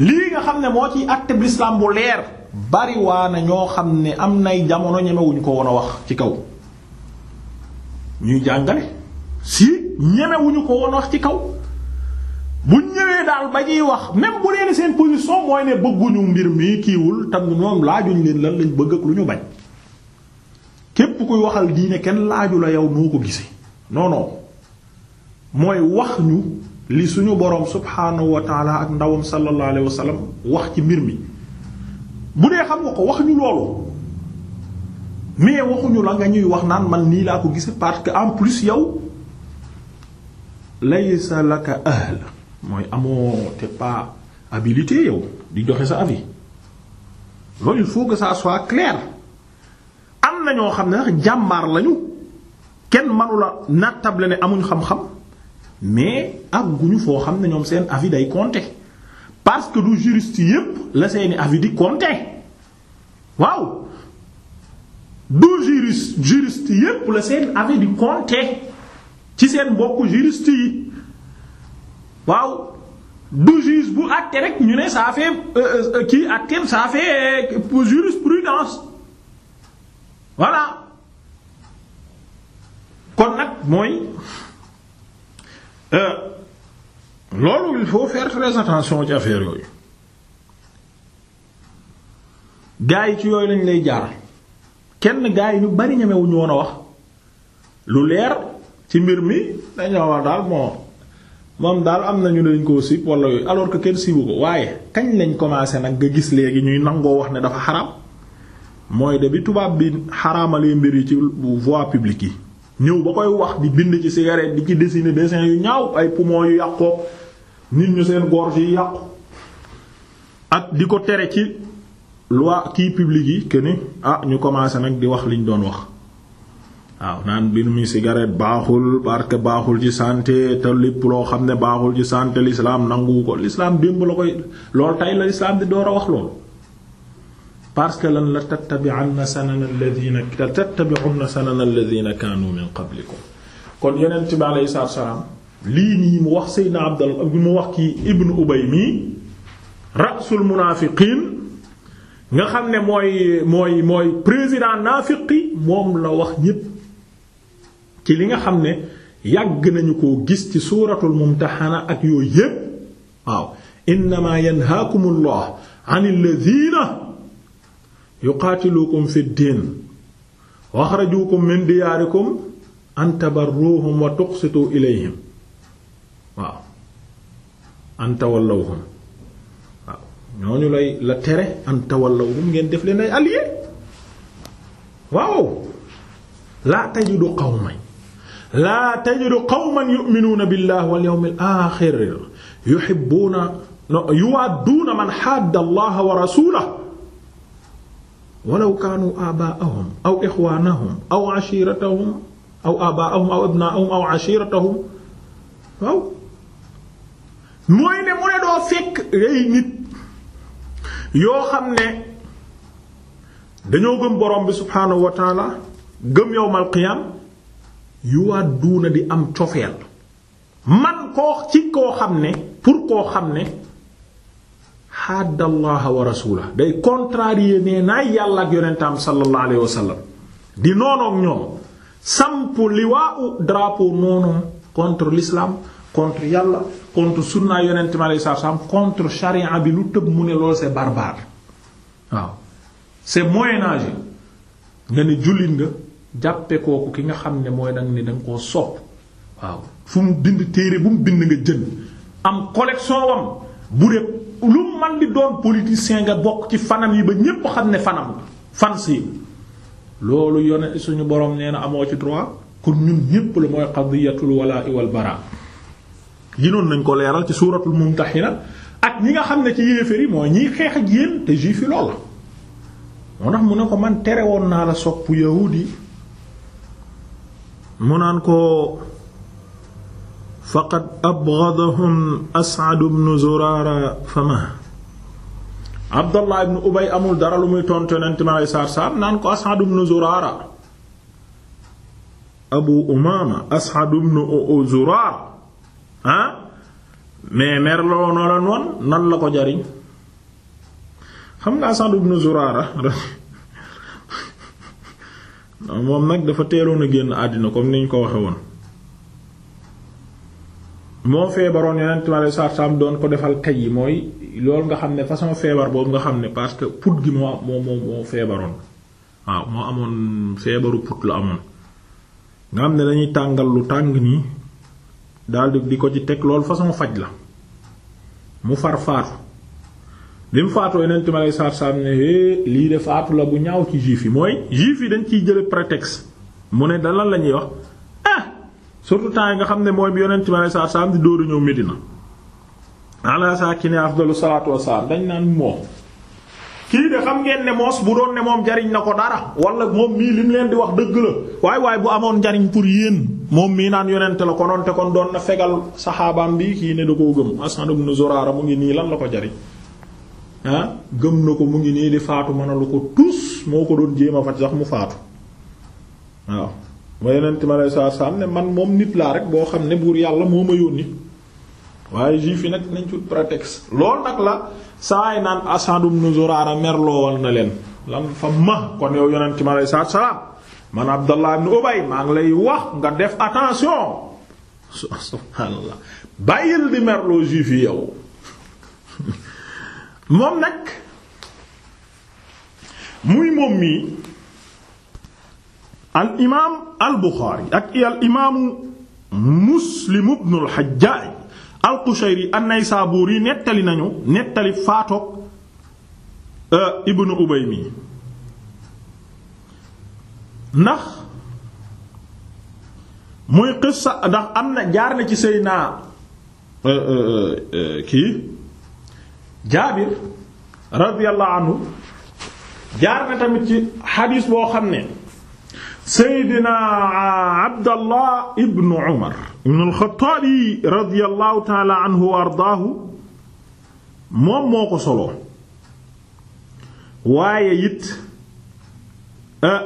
lii nga xam ne moo ci àtteb lislaam bu leer bariwaana ñoo xam ne am nay jamono ñemewuñ ko woon a wax ci kaw ñuy jàngale si ñemewuñu ko woon wax ci kaw bu ñëwee daal ba ñuy wax même bu leen seen position mooy ne bëgguñu mbir mii kiiwul tam ñoom laajuñ leen la lañ bëgg ak lu ñu bañ képp kuy waxal diine kenn laaju la yow noo ko gisee non mooy wax ñu li suñu boroom subhaanahu wa ak ndawam sallallahu alayhi wa wax ci mbir mi bu dee xam nga ko wax ñu loolu mais waxuñu la nga ñuy wax naan man nii laa ko gisee parce que en plus yow. laysa laka ahl mooy amoo te pas habilité yow di joxe sa avi loolu il faut que ça soit clair am na ñoo xam ne sax jàmbaar lañu kenn manula nattable ne amuñ xam-xam mais àgguñu foo xam ne ñoom seen avi day compter parce que du jurist yépp la seeni di compter waaw du juriste juriste yépp la seen avis di compter ci seen mbokk juriste waaw du juge bu àtte rek ñu ne ça fait euh, euh, kii àtteem ça fait jurisprudence voilà kon nag mooy euh, loolu il faut faire très attention ci affaire yooyu gaa yi ci yooyu lañ lay jaar kenn gaa yi ñu bari ñamewuñu woon a wax lu leer ci mbir mi dañoo wax daal moom moom daal am nañu dañ koo sib wala yooyu alors que kenn sibu ko waaye kañ lañ commencé nag nga gis léegi ñuy nangoo wax ne dafa xaraam mooy de bi tubaab bi xaraamalee mbir yi ci bu voie publique yi ñëw ba koy wax di bind ci cigarette di ci dessiner dessin yu ñaaw ay poumon yu yàqoo nit ñu seen gorge yi yàqu ak di ko tere ci loi kii publique yi que ni ah ñu commencé nag di wax liñ doon wax waaw naan bi muy cigarette baaxul parce que baaxul ci santé te lépp loo xam ne baaxul ci santé l'islam nangu ko l'islam démb la koy lool tey la l'islam di door a wax loolu parce que lan la tattabi'anna sanana alladhina tattabi'unna sanana alladhina kaanu min qablikum kon yonent bi alayhi salaam lii nii mu wax Seydina Abdallah mu wax kii Ibn Ubay mii rasul munaafiqiin nga xam ne mooy mooy mooy président naafiqi moom la wax ñépp ci li nga xam ne yàgg nañu ko gis ci suuratul mumtaxana ak yooyu yépp waaw innama yanhaakumullahu anil ladina yuqaatiluukum fi diin wa axrajuukum min diyaarikum an tabarruuhum wa waaw an tawallawhum lay la tere an tawallawhum ngeen def leen ay alliés waaw laa tajidu qawman laa tajidu qawman yu'minuuna billahi wal yawmil aaxir yuhibbuuna yuwadduuna man xadda allaha wa rasulahu walaw kaanu aabaa'ahum aw ixwaanahum aw ashiiratahum aw aabaa'ahum aw abnaa'ahum aw ashiiratahum waaw mooy ne mu ne doo fekk ay nit yoo xam ne dañoo gëm borom bi subhaanahu wa taala gëm yawmal qiyaam yuwaat duuna di am cofeel man koo ci koo xam ne pour koo xam ne xaddallaha wa rasuula day contrarier nee naay yàlla ak yonentam sallallahu di noonook ñoom samp liwaa'u drapeau noonu contre l'islam contre yàlla contre sunna yonentam alayhi salaam contre charia bi lu tëb mu ne loolu c'est barbare waaw c'est moyen nga ne jullit nga jàppe kooku ki nga xam ne mooy danga ni danga koo sopp waaw fu mu bind téere bu mu bind nga jën am collection wam bu dee lu man di doon politicien nga bokk ci fanam yi ba ñépp xam ne fanam fan si loolu yone suñu borom nee na amoo ci droit kon ñun ñépp la mooy qadiyatul walaa wal bara ginoon nañ ko leeral ci suuratul mumtahina ak ñi nga xam ne ci yéeféer yi mooy ñiy xeex ak yéen te juif yi lool moo ndax mu ne ko man tere woon naa la sopp yahudi mu naan ko faqad abghadahum As'ad ibn Zurara fama Abdallah ibn Ubay amul dara lu muy tontu Yonent mi alayhi salaatu naan ko As'ad ibn Zurara Abu Umaama As'ad ibn Zurara ah mais mer loo noo la noon nan la ko jariñ xam nga As'ad ibn Zurara moom nag dafa teeloon a génn àddina comme ni ñu ko waxe woon moo feebaroon yonent ma lay sarsam doon ko defal tey yi mooy loolu nga xam ne façon feebar boobu nga xam ne parce que put gi moo moo moo feebaroon waaw moo amoon feebaru put lu amoon nga xam ne dañuy tàngal lu tàng nii daldi di ko ci teg loolu façon faj la mu far faatu li mu faatoo yonent mi aleyhi salaatu salaam lii de faatu la bu ñaaw ci juif yi mooy juif yi dañ ciy jële prétexte mu ne dalal la ñuy wax ah surtout temps yi nga xam ne mooy bi yonent mi aleyhi salaatu salaam di dóoru ñëw Medina ala saakini afdalu salaatu wassalaam dañ naan moom kii de xam ngeen ne moos bu doon ne moom jariñ na ko dara wala moom mii lim leen di wax dëgg la waaye waaye bu amoon njariñ pour yéen moom mii naan yonent la konoon te kon doon na fegal saxaabaam bi kii ne da koo gëm Asad ibn Zurara mu ngi nii lan la ko jariñ ah gëm na ko mu ngi nii di faatu mënalu ko tus moo ko doon jéem a faj sax mu faatu waaw ma yeneen ma lay saa saa ne man moom nit laa rek boo xam ne buur yàlla moo ma yónni waaye juif yi nag nañ ci prétexte loolu nag la saay naan asadum nu leen lan fa ma kon yow yonent ma lay saa salaam man Abdallah ibn Ubay maa ngi lay wax nga def attention subhaanallah bàyyil di merloo juif yi yow *laughs* moom nag muy moom mii al imaam al buxaari ak al imaamu muslim ibnu al xajjaaj al qushayri an naysaabuuri nettali nañu nettali faatoog euh, ibnu ubay mii ndax muy qissa ndax am na jaar na ci sëy naa euh, euh, kii jaabir radiyallahu anhu jaar na tamit ci xadiis boo xam ne seydina abdallah ibnu umar ibnu alxataabi radiyallahu taala anhu wa ardaahu moom moo ko soloo waaye it eh,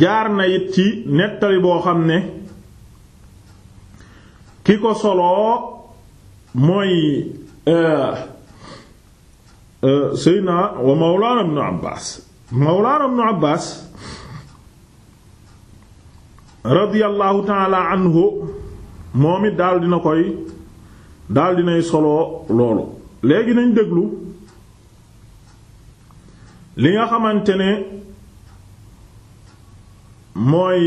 jaar na it ci nettali boo xam ne ki ko soloo mooy E, Seydina wa Mawlaana Ibnu Abbaas Mawlaana Ibnu Abbaas radiyallahu taala anhu moom it daal dina koy daal dinay soloo loolu léegi nañ déglu li nga xamante ne mooy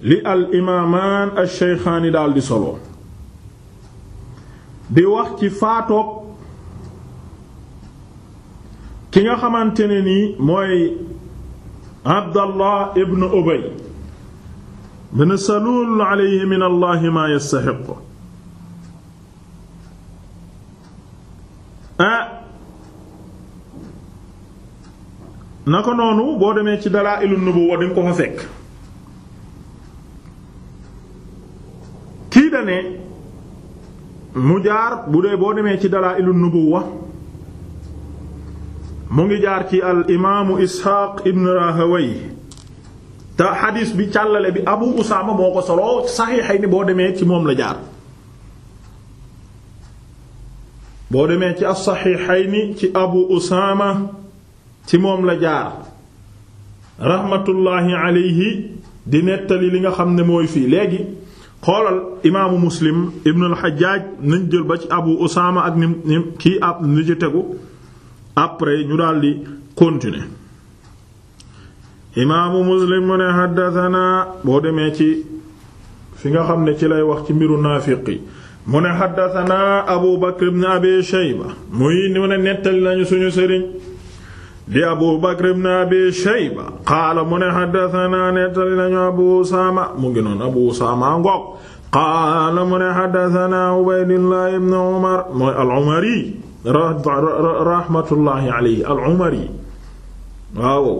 li al imaamaan al sheykhaani daal di soloo di wax ci faatoog ki nga xamante ne nii mooy Abdallah ibn Ubay bin Salul ma yastahiq ah naka noonu boo demee ci Dalaa'ilun Nubuwwa dinga ko fa fekk kii da mu jaar bu dee boo demee ci dalaa'ilu nubuwwa mu ngi jaar ci al imaamu isxaaq ibn rahaway te xadiis bi càllale bi abu usaama moo ko solo saxiixay ni boo demee ci moom la jaar boo demee ci as-saxiixay ni ci abu usaama ci moom la jaar raxmatullaahi alayhi di nettali li nga xam ne mooy fii léegi xoolal imaamu muslim ibn al-Hajjaj nañ jël ba ci abu Usaama ak ni nim kii ab ni ci tegu après ñu daldi continuer imaamu muslim mu ne xaddatanaa boo demee ci fi nga xam ne ci lay wax ci mbiru naafiq yi mu ne xaddatanaa abu bakr ibn abi shayba muy mu ne nettali nañu suñu sëriñ di abu bakr ibn abi shayba qaala mu ne xaddatanaa nettali nañu abu usaama mu ngi noon abu usaama ngoog qaala mu ne xaddatanaa ubaydillah ibn umar mooy al-umari rahmatullahi alayhi al-umari waaw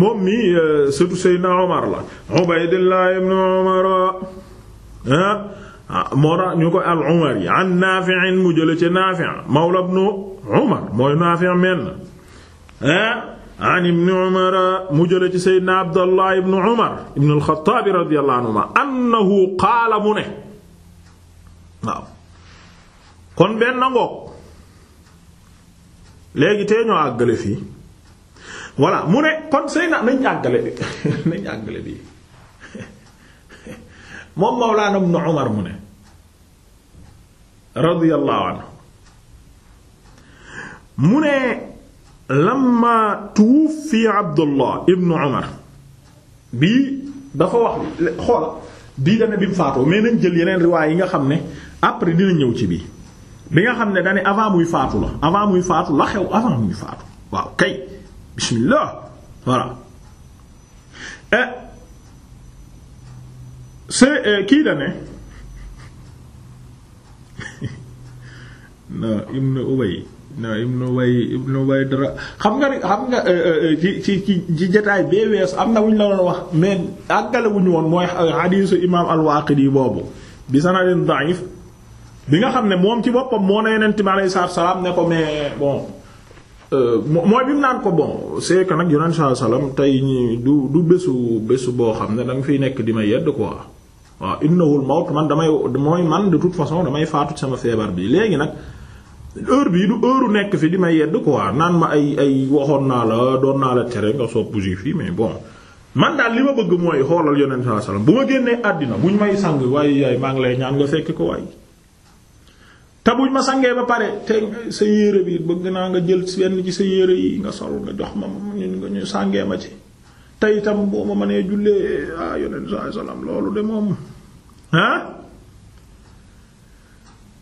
moom mi eh, surtout seydna omar la ubaydillah ibn umar ah, ah, moo tax ñu ko al-umari an naafi'in mu jële ci naafi' mawla ibn umar mooy naafi' men an ibni umara mu jële ci seydna abdallah ibni umar ibn alxataabi radiyallahu anhuma annahu qaala mu ne waaw kon benn ngoog léegi tee ñoo àggale fii voilà mu ne kon seydna nañ àggale bi *laughs* nañ àggale bi *laughs* moom mawlaana ibnu umar mu ne radiyallahu anhu mu ne lamma tuwuffi abdullah ibnu umar bii dafa wax xoola bii dana bi mu faatoo mais jël yeneen riwaay yi nga xam ne après dina ñëw ci bii bi nga xam ne dane avant muy faatu la avant muy faatu la xew avant muy faatu waaw kay bismillah voilà eh, c'est eh, kii dane *laughs* ibnu ubay no ibnu way ibnu way dara xam nga xam nga euh, euh, euh, ci ci ci jotaay bee weesu am na wuñ la doon wax mais àggale wuñu woon mooy hadiisu imaam al-Waaqidi boobu bi sanadin da'if bi nga xam ne moom ci boppam moo ne yonent bi alayhi salaatu salaam ne ko mais bon mooy bi ko bon c'est que nag yonent salaatu du du bésu bésu boo xam ne danga nga fiy nekk di ma yedd quoi waaw innahul mawt man damay man de toute façon damay faatu sama feebar bi léegi nag. heure bii du heure nekk fi di ma yedd quoi naan ma ay ay waxoon naa la doon naa la tere nga soppu juif yi mais bon man daal li ma bëgg mooy xoolal yonent sallallahu alayhi wasallam bu ma génnee àddina buñ may sang waaye yaay maa ngi lay ñaan nga fekk ko waay. te buñ ma sangee ba pare te sa yére bi bëgg naa nga jël benn ci sa yére yi nga sol nga jox ma ñun nga ñu sàngee ma ci te itam boo ma mënee jullee ah yonent sallallahu alayhi wasallam loolu de moom ah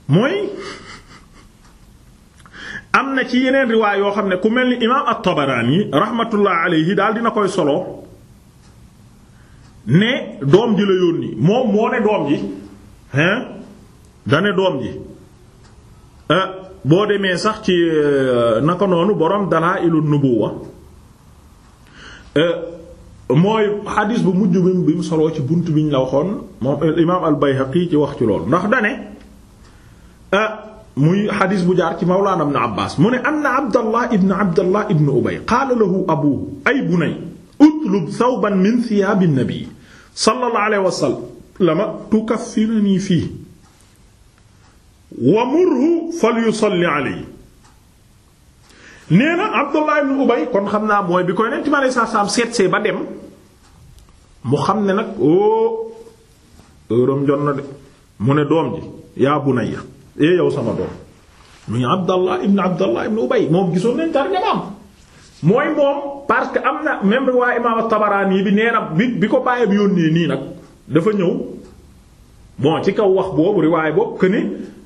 mooy. na ci yeneen riwaay yoo xam ne ku mel ni imaam at-Tabarani rahmatullah alayhi daal dina koy solo ne doom ji la yónni moom moo ne doom ji hein ne doom ji euh, boo demee sax ci euh, naka noonu borom Dalaa'ilu Nubuwwa euh, mooy xadiis bu mujj bi mu soloo ci bunt bi ñu la waxoon moom imaam al-Bayhaqi ci wax ci loolu ndax da ne muy xadis bu jaar ci mawlaana ibn Abbaas mu ne anna Abdallah ibn Abdallah ibn Ubay qaala lahu abuuhu ay bunay utlub thawban min thiyaabi nabi sallallahu alayhi wa sallam tukaffiranii fiihi wa murhu falyusalli alayhi nee na kon xam naa mooy bi koy nekk seet see ba dem mu xam ne nag oo oh, ërëm jot na de mu ne doom ji yaa bunayya eh yow sama doom muy Abdallah ibn Abdallah ibn Ubay moom gisoon nañ tarjamaam mooy moom parce que am na même riwaay imaam Tabarani bi nee na bi bi ko bàyyi bi yónnee nii nag dafa ñëw bon ci kaw wax boobu riwaay boobu que ne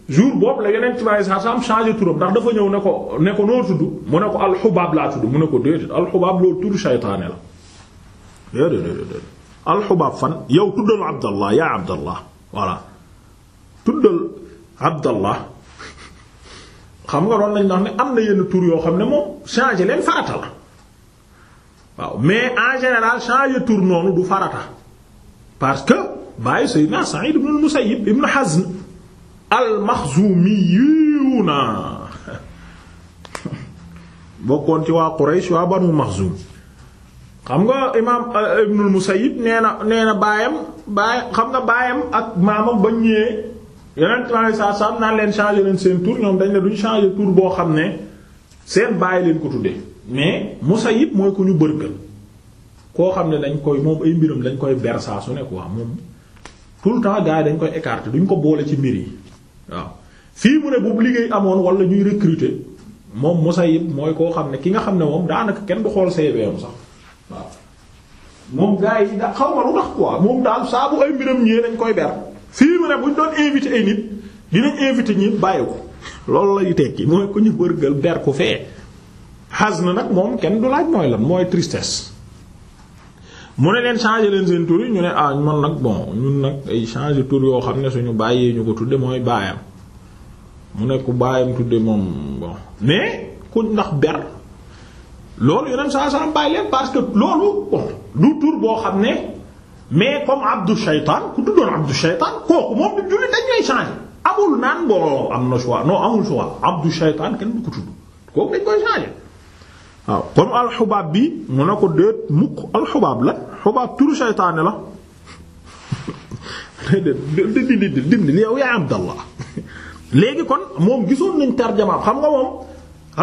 jour boobu la yeneen tubaab yi sax am changé turam ndax dafa ñëw ne ko ne ko noo tudd mu ne ko alxubaab laa tudd mu ne ko déedéet alxubaab loolu turu saytaane la déedéet déedéet alxubaab fan yow tuddal Abdallah yaa Abdallah voilà abdallah xam nga doon nañ wax ne am na yenn tur yoo xam ne moom changer leen farata la waaw mais en général changer tur noonu du farata parce que bàyyi sayyidina Sa'id ibn al-Musayyib ibn Hazn al-Makhzumiyuna *laughs* bokkoon ci waa Quraysh waa Banu Makhzum xam nga imaam euh, ibn al-Musayyib nee na nee baayam xam nga baayam ak maamam ba ñëwee yeneen trois cent soixante naan leen changer leen seen tur ñoom dañ ne duñu changer tur boo xam ne seen bàyyi leen ko tuddee mais Musayib mooy ku ñu bërgël koo xam ne dañ koy moom ay dañ koy ber saa su ne tout le temps gars dañ koy écarter duñ ko boole ci mbir yi waaw fii mu ne bu liggéey amoon wala ñuy recruter moom Musayib mooy koo xam ne ki nga xam ne moom daanaka kenn du xool CVM sax waaw moom gars yi da xaw ma lu tax quoi moom daal saa bu ay mbiram ñëwee dañ koy ber. fii mu ne bu ñu doon invité ay nit dinañ invité ñi bàyyi ko loolu lay tekki mooy ku ñu wërgal ber ku fee xas na nag moom kenn du laaj mooy lan mooy tristesse mu ne leen changer leen seen tur yi ñu ne ah man nag bon ñun nag ay changer tur yoo xam ne suñu bàyyee ñu ko tudde mooy baayam mu ne ku baayam tudde moom bon mais ku ndax ber loolu yeneen saa saa bàyyi leen parce que loolu bon du tur boo xam ne mais comme abdu shaytaan ku tuddoon abdu shaytaan kooku moom du jullit dañ koy changer amul naan boo am na choix non amul choix abdu shaytaan kenn du ko tudd kooku dañ koy changer waaw comme alxubaab bi mu ne ko déet mukk alxubaab la xubaab turu shaytaane la dindi *laughs* dindi yow yaay abdallah *laughs* léegi kon moom gisoon nañ tarjamaam xam nga moom euh,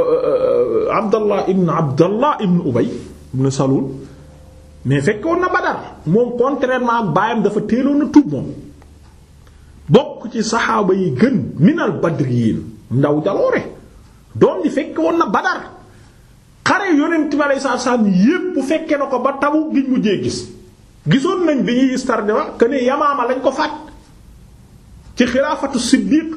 euh, euh, abdallah ibn abdallah ibn ubay ibn salul mais fekkoon na Badar moom contrairement ak baayam dafa téeloon a tuub moom bokk ci saxaaba yi gën minal badriyin ndaw jaloore doom di fekkoon na Badar xare yonent bi alayhi salaatu salaam yépp fekke na ko ba Tabuk gi mujjee gis gisoon nañ bi ñuy istardima que ne Yamaama lañ ko faat ci xilaafatu Siddiq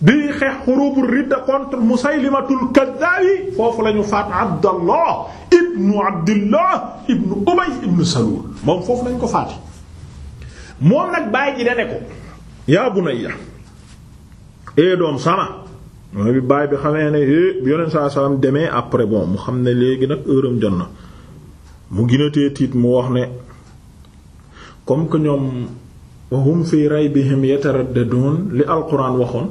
bi xeex xurubu ridda contre musaylimatul kaddaabi foofu lañu ñu faat abdallah ibnu abdillah ibnu ubay ibnu salul moom foofu lañ ko faati moom nag bàyyi eh, bi bàyyi bi xamee ne é eh, bi yonent saa salaam demee après bon mu xam ne léegi nag heuram jot na mu ginatee tiit mu wax ne comme que ñoom wahum fi raybihim yataraddadun li alquran waxoon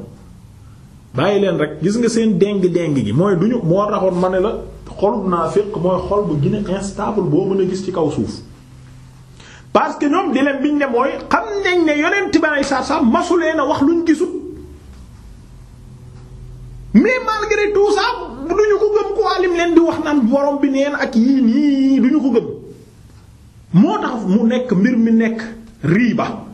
bàyyi leen rek gis nga seen déng-déng gi mooy duñu moo taxoon ma ne la xolub naa féq mooy xol bu gën a instable boo mën a gis ci kaw suuf parce que ñoom di leen biñ ne mooy xam nañ ne yonent banay sar-sam masulee na wax luñ gisut mais malgré tout ça duñu ko gëm ku alim leen di wax naan borom bi neen ak yii nii duñu ko gëm moo tax mu nekk mbir mi nekk riiba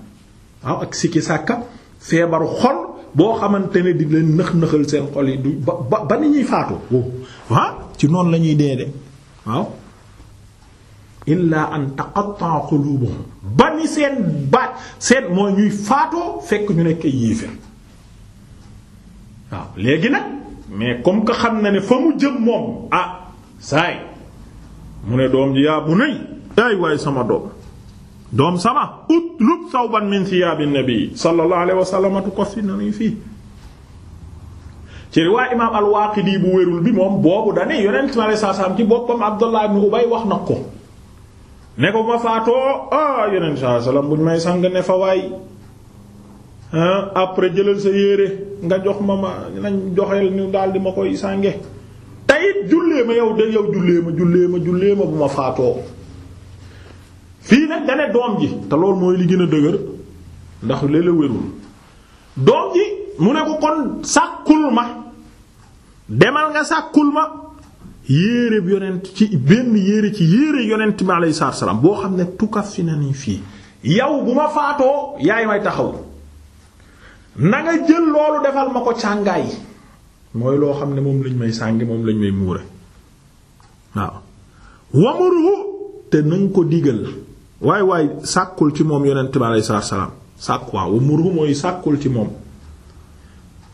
waaw ak sikki sàkka feebaru xol boo xamante ne di leen nëx-nëxal seen xol yi du ba ba ni ñuy faatu ah ci noonu la ñuy dee de waaw illa an taqatta'a qulubuhum ba ni seen baat seet mooy ñuy faatoo fekk ñu nekk yiifir waaw léegi na mais comme que xam na ne fa mu jëm moom ah saay mu ne doom ji yaa bu nay ay waay sama doom doom sama utlub sawban min thiyaabi nabi sallallahu alayhi wa sallam tukaffinani fii ci riwaay imaam al bu wérul bi moom boobu dane yonent mi alayhi ci boppam Abdullah ibn Ubay wax na ko ne ko ma faatoo ah yonent sallallahu alayhi wasallam buñ may sang ne fa waay après jëlal sa yére nga jox ma ma nañ joxeel ñu daal di ma koy sànge tayit jullee ma yow de yow ma jullee ma jullee ma bu ma faatoo fii nag dane doom ji te loolu mooy li gën a dëgër ndax léeg-la wérul doom ji mu ne ko kon sàkkul ma demal nga sàkkul ma yéere bi yonent ci benn yéere ci yéere yonent bi alayhi salaatu salaam boo xam ne tukaf fi na nii fii yow bu ma faatoo yaay may taxaw na nga jël loolu defal ma ko càngaay mooy loo xam ne moom lañ may sàngi moom lañ may muure waaw wamuru te na nga ko digal waay waay sàkkul ci moom yonent bi aleyhi salaatu sàkkul ci moom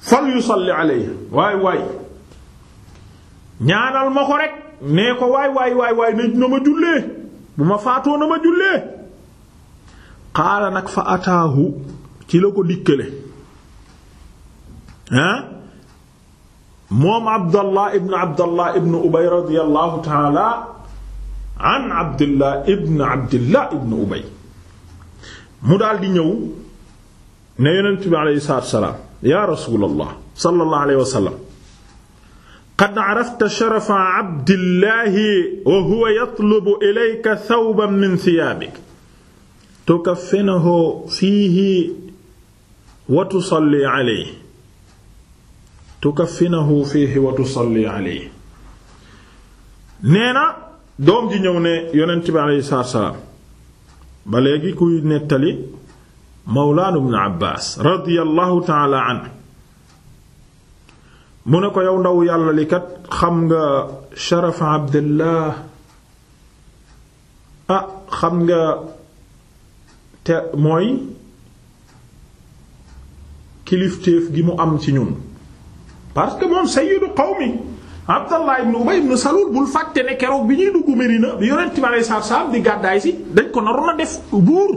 fal yusalli alayhi waay waay ñaanal ma ko rek nee ko waay waay waay na ma jullee bu ma faatoo na ma jullee xaala nag fa ataahu ci la ko dikkale ah moom abdallah ibn abdallah ibn ubay radiyallahu taala an abdillah ibn abdillah ibn ubay mu daal di ñëw ne yonent bi aleyhi salaatu wasalaam yaa rasuulallah sallallahu alayhi wa sallam qad arafta sharafa abdillahi wa huwa yatlubu ilayka thawban min thiyaabik tukaffinahu fiihi wa tusalli alayhi tukaffinahu fiihi wa tusalli alayhi nee na doom ji ñëw ne yonent bi aleyhi salaam ba léegi kuy nettali mawlaana ibn Abbaas radiyallahu taala an mu ne ko yow ndaw yàlla li kat xam nga sharaf Abdullah ah xam nga te mooy kilifteef gi mu am ci ñun parce que moom sayyidu qawmi Abdallah ibn Ubay ibn Salul bul fàtte ne keroog bi ñuy dugg Medina bi yonent bi alayhi salaatu salaam di gàddaay si dañ ko naroon a def buur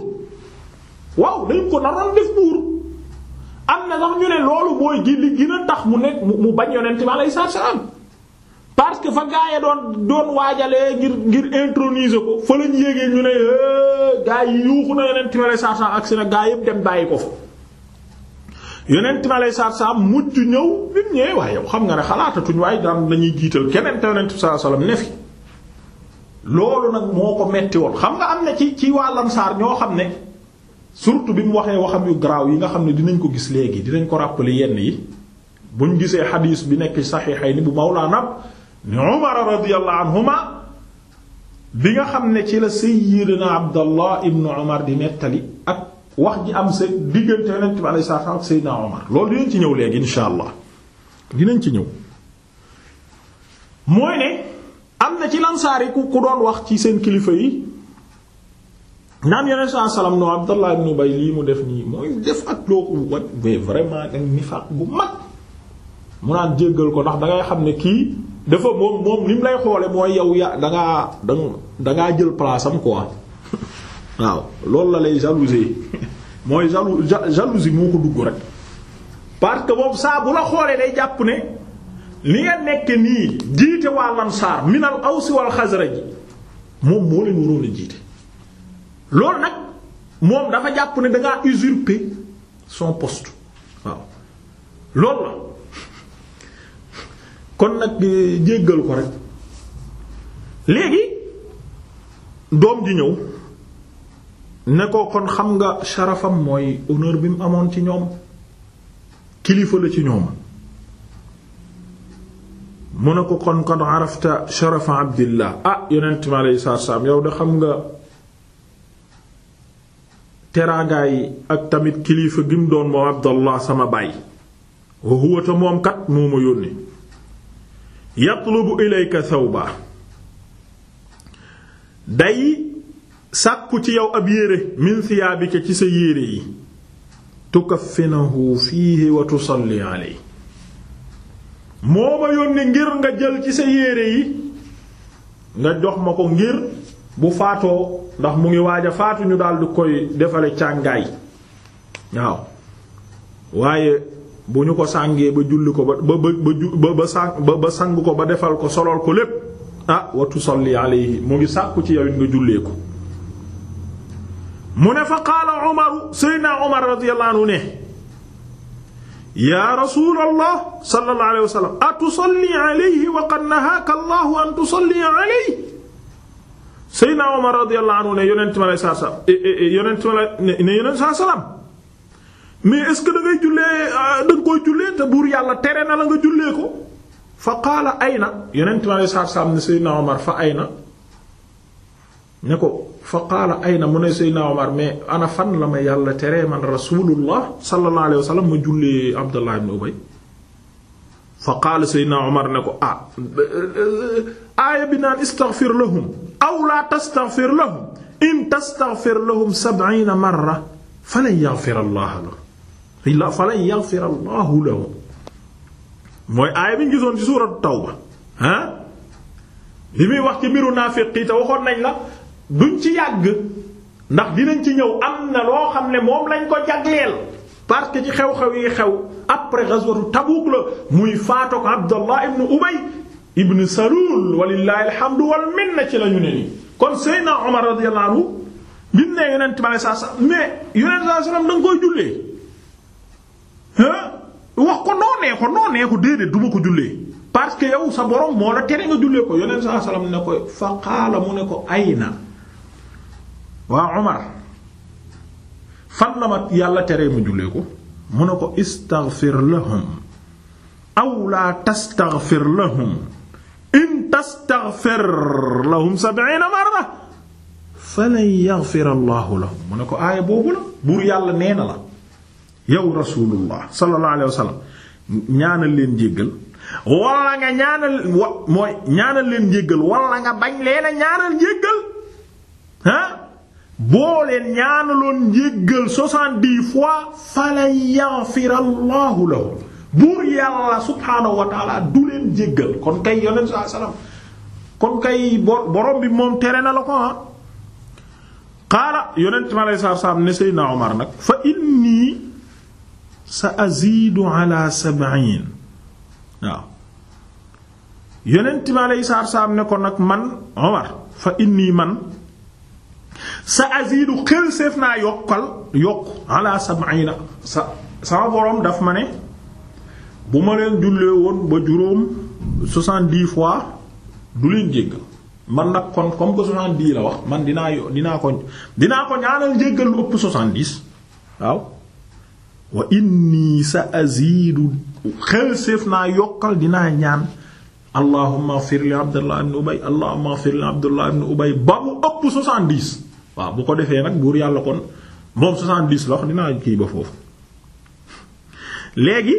waaw dañ ko naroon a def buur am na sax ñu ne loolu mooy gi li gën tax mu nekk mu bañ yonent bi alayhi salaatu am parce que fa gaa yi doon doon waajalee ngir ngir introniser ko fa lañ yéegee ñu ne eh, gaa yi yuuxu na yonent bi alayhi salaatu salaam ak seen gaa yépp dem bàyyi ko fa. yonent mi alayhi salaatu salaam mujj ñëw bi mu ñëwee waaye yow xam nga ne xalaatatuñ waaye daan dañuy jiital keneen te yonent bi sallallahu ne fi loolu nag moo ko metti woon xam nga am na ci ci waa Ansaar ñoo xam ne surtout bi mu waxee waxam yu garaaw yi nga xam ne dinañ ko gis léegi dinañ ko rappeler yenn yi buñ gisee xadiis bi nekk ni bu Mawlaana ni Umar radiyallahu anhuma bi nga xam ne ci la Sayyidina Abdallah ibn Umar di mettali wax ji am sa diggante yonent bi alayhi salaatu ak Seydina Omar loolu dinañ ci ñëw léegi insha allah dinañ ci ñëw mooy ne am na ci lansaar yi ku ku doon wax ci seen kilifa yi naan yonent saa salaam no Abdallah ibn Ubay lii mu def nii mooy def ak loo ko wat mais vraiment nag nifaaq bu mag mu naan jéggal ko ndax dangay xam ne kii dafa moom moom li lay xoole mooy yow ya dangaa danga dangaa jël place ko quoi *laughs* waaw loolu la lay jalouser *laughs* mooy jaloux jalousie moo ko dugg rek parce que moom saa bu la xoolee day jàpp ne li nga nekk nii jiite waa Ansaar minal Aws wal Xasraj moom moo leen waroon jiite loolu nag moom dafa jàpp ne dangaa usurper son post waaw loolu la kon nag euh, jéggal ko rek léegi doom ji ñëw ne ko kon xam nga sharafam mooy honneur bi mu amoon ci ñoom kilifa la ci ñoom mu ne ko kon kon arafta sharafa abdillah ah yow de xam nga teraangaay ak tamit kilifa gi mu doon moom abdallah sama baay wa moom kat moo ma yónni yatlubu ilayka thawba day sàkku ci yow ab yére bi siyaabika ci sa yére yi tukaffinahu fiihi wa tusalli alayhi moo ma yónni ngir nga jël ci sa yére yi nga jox ma ko ngir bu faatoo ndax mu ngi waaj a faatu ñu daldi koy defale càngaay waaw waaye bu ñu ko sàngee ba julli ko ba ba ba ba sang ba sang ko ba defal ko solol ko lépp ah wa tusalli alayhi mu ngi sàkku ci yow it nga jullee ko mu ne fa qaala Umaru Seydina Umar radiyallahu anhu ne yaa rasuulallah sallallahu alayhi wa sallam atusalli alayhi wa qad nahaaka Allahu salaam yonent mi ne yonent saa eh, eh, eh, salaam mais est-ce que da ngay jullee ah, da nga koy jullee te buur yàlla tere na la nga jullee ko fa qaala ayna yonent mi alayhi salaam ne Seydina fa ayna ne ko fa qaala ayna mu ne Seydina Omar mais ana fan la ma yàlla teree man rasulullah sallallahu alayhi wa sallam ma jullee Abdullah ibn Ubay fa qaala Seydina Omar ne ko ah aaya bi naan istaghfir lahum aw la tastaghfir lahum in tastaghfir lahum sab'iina marra falan yaghfir Allah lahum falan yaghfir Allah lahum mooy aaya bi ñu gisoon ci suuratu Tawba ah li muy wax ci mbiru naafiq yi te waxoon nañ la duñ ci yàgg ndax dinañ ci ñëw am na loo xam ne moom lañ ko jagleel parce que ci xew-xew yi xew après ghazwatu Tabuk la muy faatu ko Abdallah ibn Ubay ibn Salul walillahi alhamdu wal minna ci la ñu ne kon Seydina Omar radiyallahu anhu bi ne yonent bi saa sa mais yonent saa salaam da nga koy jullee wax ko noonee ko noonee ko du ma ko jullee parce que yow sa la tere nga ko yonent saa salaam ne ko fa qaala ne ko ayna waa Umar fan la ma yàlla teree mu jullee ko mu ne ko istaghfir lahum aw la tastaghfir lahum in tastaghfir lahum sab'iina marra falan yaghfir allahu lahum mu ne ko aaya boobu la buur yàlla nee na la yow rasulullah sallallahu alayhi ñaanal leen jéggal wala nga ñaanal wa mooy ñaanal leen jéggal wala nga bañ leen ñaanal jéggal boo leen ñaanaloon njéggal soixante-dix fois falan yaghfira allahu lahum buur yàlla subhaanahu wa du leen jéggal kon kay yonent saa salaam kon kay borom bi moom tere na la ko ah qaala yonent mi aleyhi salaatu salaam ne Seydina Omar nag fa inni sa azidu waaw yonent mi aleyhi salaatu salaam ne ko nag man Omar fa inni man sa azidu xel seef naa yokkal yokk ala sab'ina sa sama borom daf ma ne bu ma leen jullee woon ba juróom soixante-dix fois du leen jéggal man nag kon comme que soixante-dix la wax man dinaa yo dinaa ko ñaanal jéggal lu ëpp soixante-dix waaw wa inni sa azidu xel seef naa yokkal dinaa ñaan allahumma ighfir li abdullah ibn ubay allahumma ighfir li abdullah ibn ubay ba mu ëpp soixante-dix waaw bu ko defee nag buur yàlla kon moom 70 la wax dinaa kii ba foofu léegi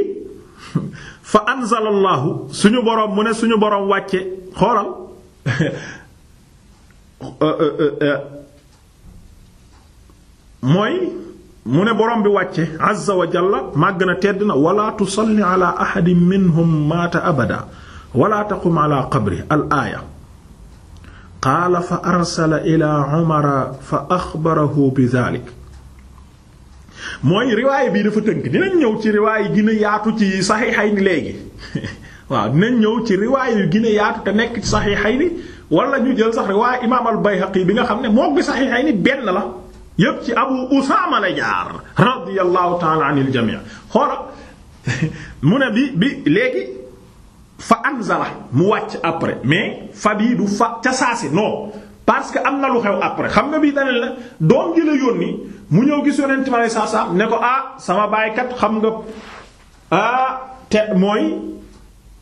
fa anzalallahu suñu boroom mu ne suñu boroom wàcce xoolal *laughs* euh, euh, euh, mooy mu ne boroom bi wàcce azza jalla màgg na tedd na wala tusalli ala ahadin minhum maata abada wala taqum ala qabri al aaya qaala fa arsala ilaa umara fa axbarahu bi daalik mooy riwaay bii dafa tënk dinañ ñëw ci riwaay yu gën a yaatu ci saxiixay ni léegi *laughs* waaw dinañ ñëw ci riwaay yu gën a yaatu te nekk ci saxiixay ni wala ñu jël sax riwaay imaam al bayhaqi bi nga xam ne moog bi saxiixay ni benn la yépp ci abu usaama la jaar radiyallahu taala anil jamii xoola *laughs* mu ne bi bi léegi fa am anzala mu wàcc après mais fa bii du fa ca saasi non parce que am na lu xew après xam nga bii dane la doom ji la yónni mu ñëw gis yonent ma lay saa saa ne ko ah sama baaykat xam nga ah te mooy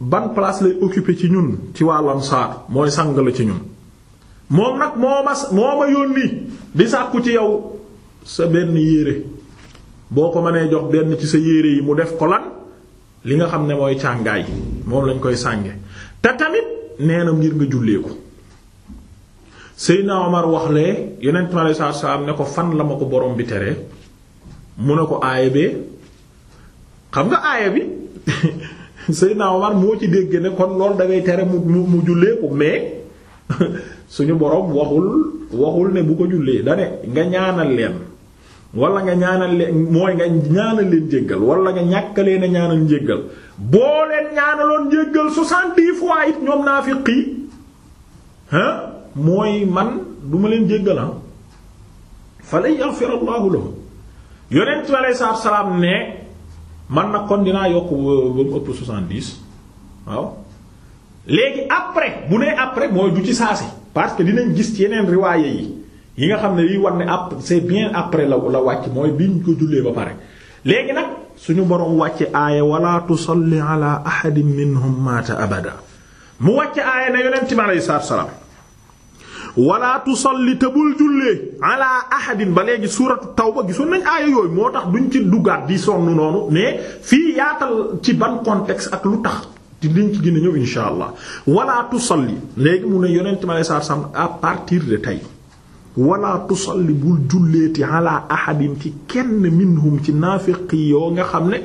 ban place lay occuper ci ñun ci wàllam saar mooy sang la ci ñun moom nag moo ma moo ma yónni di sàkku ci yow sa benn yére boo ko nee jox benn ci sa yére yi mu def ko lan li nga xam ne mooy càngaay moom lañ koy sànge te tamit nee na ngir nga julleeku Seydina Omar wax lee yonent mi alayhi salaatu ne ko fan la ma ko borom bi tere mu ne ko aaya bee xam nga aaya bi *laughs* Seydina Omar moo ci dégg ne kon loolu da tere mu mu mu julleeku mais *laughs* suñu borom waxul waxul ne bu ko jullee da nga ñaanal leen. wala nga ñaanal leen mooy nga ñaanal leen jéggal wala nga ñàkkaleen a ñaanal njéggal boo leen ñaanaloon njéggal soixante-dix fois it ñoom naafiq yi ah mooy man duma leen jéggal ah fa lan yaghfir allahu lahum yonent bi aleyhi salaatu salaam ne man nag kon dinaa yokk ba mu ëpp soixante-dix waaw léegi après bu nee après mooy du ci saasi parce que dinañ gis ci yeneen riwaaye yi yi nga xam ne yiy war ne après c'est bien après la la wàcc mooy biñ ko jullee ba pare léegi nag suñu boroom wàcce aaya wala tusalli ala ahadin minhum mata abada mu wàcce aaya ne yonent bi aleyhi salaatu salaam wala te bul jullee ala ahadin ba léegi suuratu tawba gisoon nañ aaya yooyu moo tax duñ ci duggaat di sonn noonu mais fii yaatal ci ban contexte ak lu tax di liñ ci gën a ñëw insha allah wala tusalli léegi mu ne yonent bi aleyhi salaatu à partir de tey wala tusalli bul julleeti ala ahadin ci kenn minhum ci naafiq yoo nga xam ne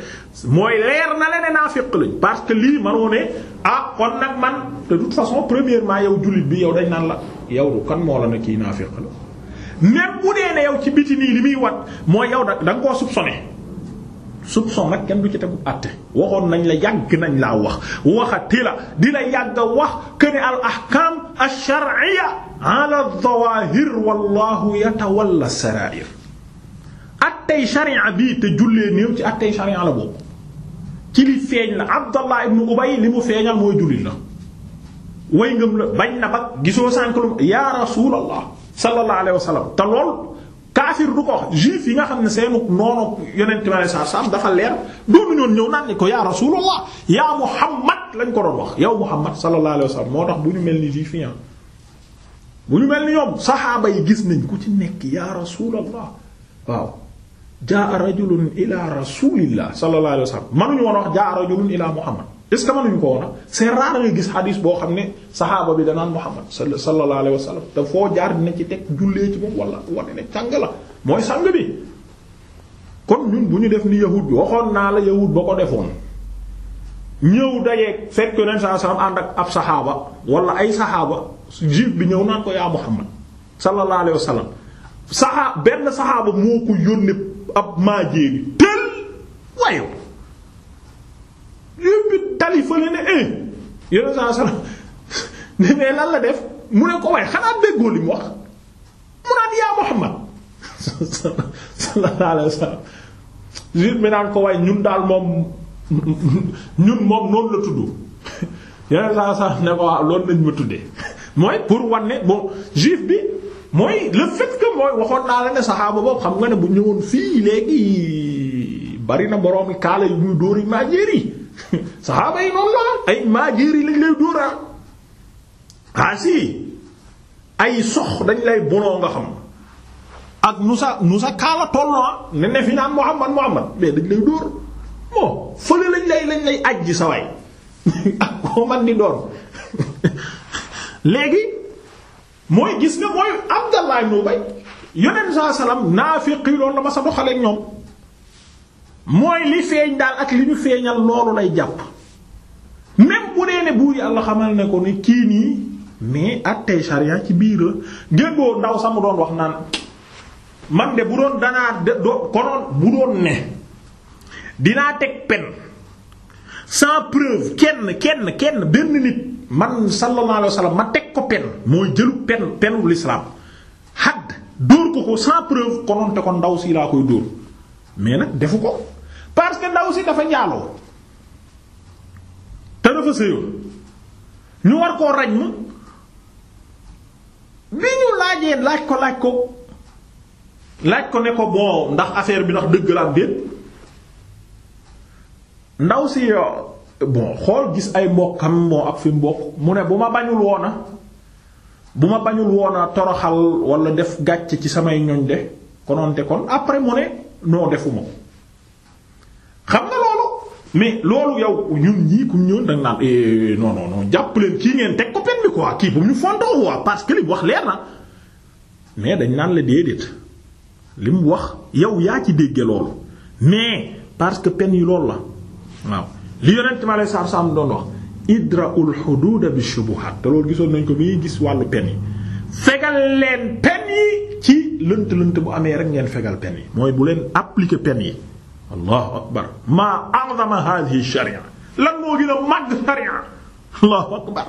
mooy leer na la ne naafiq lañ parce que lii manoo ne ah nag man de toute façon premièrement yow jullit bi yow dañ naan la yow du kan moo la ne kii naafiq la même bu dee ne yow ci biti nii li muy wat mooy yow da nga koo soupçonné soupçon nag kenn du ci tegu àtte waxoon nañ la yàgg nañ laa wax waxati la di la yàgg wax que ne al ahkam ash-shar'iyya ala zawahir wallahu yatawalla sarair attey sharia bii te jullee néew ci attey sharia la boobu ci li feeñ la abdallah ibnu ubay li mu feeñal mooy jullit la way ngëm la bañ na ba gisoo sànklum ya rasulallah sallallahu alayhi wa sallam te lool kaafir du ko wax juif yi nga xam ne seenu noonu yonent mi alayhi salaam dafa leer doonu ñoon ñëw naan ni ko ya rasulallah ya muhammad lañ ko doon wax yow muhammad sallallahu alayhi wa sallam moo tax du ñu mel ni juif yi ah. bu ñu mel ni yomb saxaaba yi gis nañ ku ci nekk ya rasulallah waaw jaa rajulun ila rasulillah sallallahu alayhi wa sallam mënuñu woon wax jaa rajulun ila muhammad est ce que mënuñu ko woon a c'est rare nga gis xadiis boo xam ne saxaaba bi danaan muhammad sallallahu alayhi wa sallam te foo jaar dina ci teg jullee ci moom wala wane ne càng la mooy sang bi kon ñun bu ñu def ni yahud bi waxoon naa la yahud ba ko defoon ñëw dajeeg fekk yoneen saa sallam ànd ak ab saxaaba wala ay saxaaba juif bi ñëw naan ko yaa Muhammad sallallahu alayhi wa sallam saxaa benn saxaaba moo ko yónni ab maajéeri tël wayo yépp tali fële ne eh yéen saa salaam ne mais lan la def mu ne ko waay xanaa déggoo li mu wax mu naan yaa Muhammad *laughs* sallallahu alayhi ko waay ñun daal moom *laughs* la tudd yéen saa salaam ne ko waaw loolu lañ ma tuddee *laughs* mooy pour wan ne bon juif bi mooy le fait mooy waxoon naa la ne saxaaba boobu xam nga ne bu ñëwoon fii léegi bari na boroomi kaala yu ñuy dóor yi maajeer yi *laughs* saxaaba yi noonu la ay ah. Ah si ay sox dañ lay bonoo nga xam ak nu sa nu sa kaala tolloo ah. ne ne fi naan Muhammad Muhammad mais dañ lay dóor bon fële lañ lay lañ lay ajji sa waay *laughs* ak koo man di doon *laughs* léegi mooy gis nga mooy Abdallah ibn Ubay yonent saa salaam naafiq yi loolu la ma sa doxaleek ñoom mooy li feeñ daal ak li ñu feeñal loolu lay jàpp même bu dee ne buur yàlla xamal ne ko ni kii nii mais ak tey sharia ci biir génnoo ndaw sama doon wax naan man de bu doon danaa de konoon bu doon ne dinaa teg pen sans preuve kenn kenn kenn benn nit man sallallahu alayhi wa ma teg ko pen mooy jëlu pen penu l'islam hadd dóor ko ko sans preuve kononte ko ndaw si laa koy dóor mais nag defu ko parce que ndaw si dafa njaaloo te dafa sëyoon ñu war koo raj mu bi ñu laajee laaj ko laaj ko laaj ko ne ko bon ndax affaire bi ndax dëgg la am ndaw si euh, bon xool gis ay mbokkam moo ak fi mbokk mu ne bu ma bañul woona bu ma bañul woona toroxal wala def gàcc ci samay ñoñ de kononte kon après mu ne noo defuma ko xam nga loolu mais loolu yow ñun ñii kum ñoon danga naan eh, non non jàpp leen kii ngeen teg ko pen bi quoi kii bu ñu fontoo waa parce que li mu wax leer na mais dañ naan la déedéet li mu wax yow yaa ci dégge loolu mais parce que pen yi loolu la waaw li yonent ma lay saam saam doon wax idra'ul xuduuda bi shubuhaat te loolu gisoon nañ ko bi gis wàllu pen yi fegal leen pen yi ci lënt lënt bu amee rek ngeen fegal pen yi mooy bu leen appliquer pen yi allahu akbar maa a'zama hadhihi sharia lan moo gën a màgg sharia allahu akbar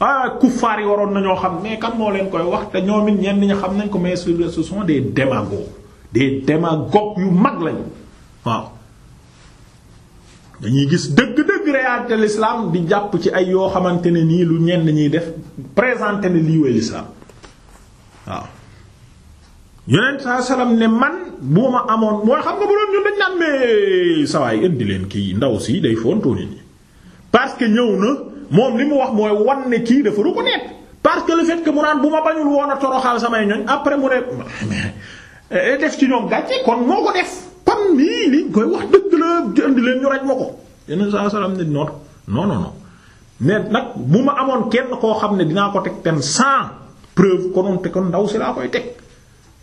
ah kuffaar yi waroon nañoo xam mais kan moo leen koy wax te ñoom it ñenn ñi xam nañ ko mais su sont des démagogues des démagogues yu mag lañu waaw dañuy gis dëgg-dëgg réalité l'islam di jàpp ci ay yoo xamante ne nii lu ñenn ñuy def présenté ne lii wéy l'islam waaw yonent saa salaam ne man bu ma amoon mooy xam nga bu doon ñun dañ leen kii ndaw si day fontoo nit parce que ñëw na moom li mu wax mooy wan ne kii dafa reconnaître parce que le fait que mu naan bu ma bañul woon a toroxal samay ñoñ après mu ne eh, def ci ñoom gàcce kon moo ko def kon lii liñ koy wax dëgg la di andi ñu raj ma ko yeneen saa salaam ne non non non mais nag bu ma amoon kenn koo xam ne dinaa ko teg pen sans preuve konoon te kon ndaw si laa koy teg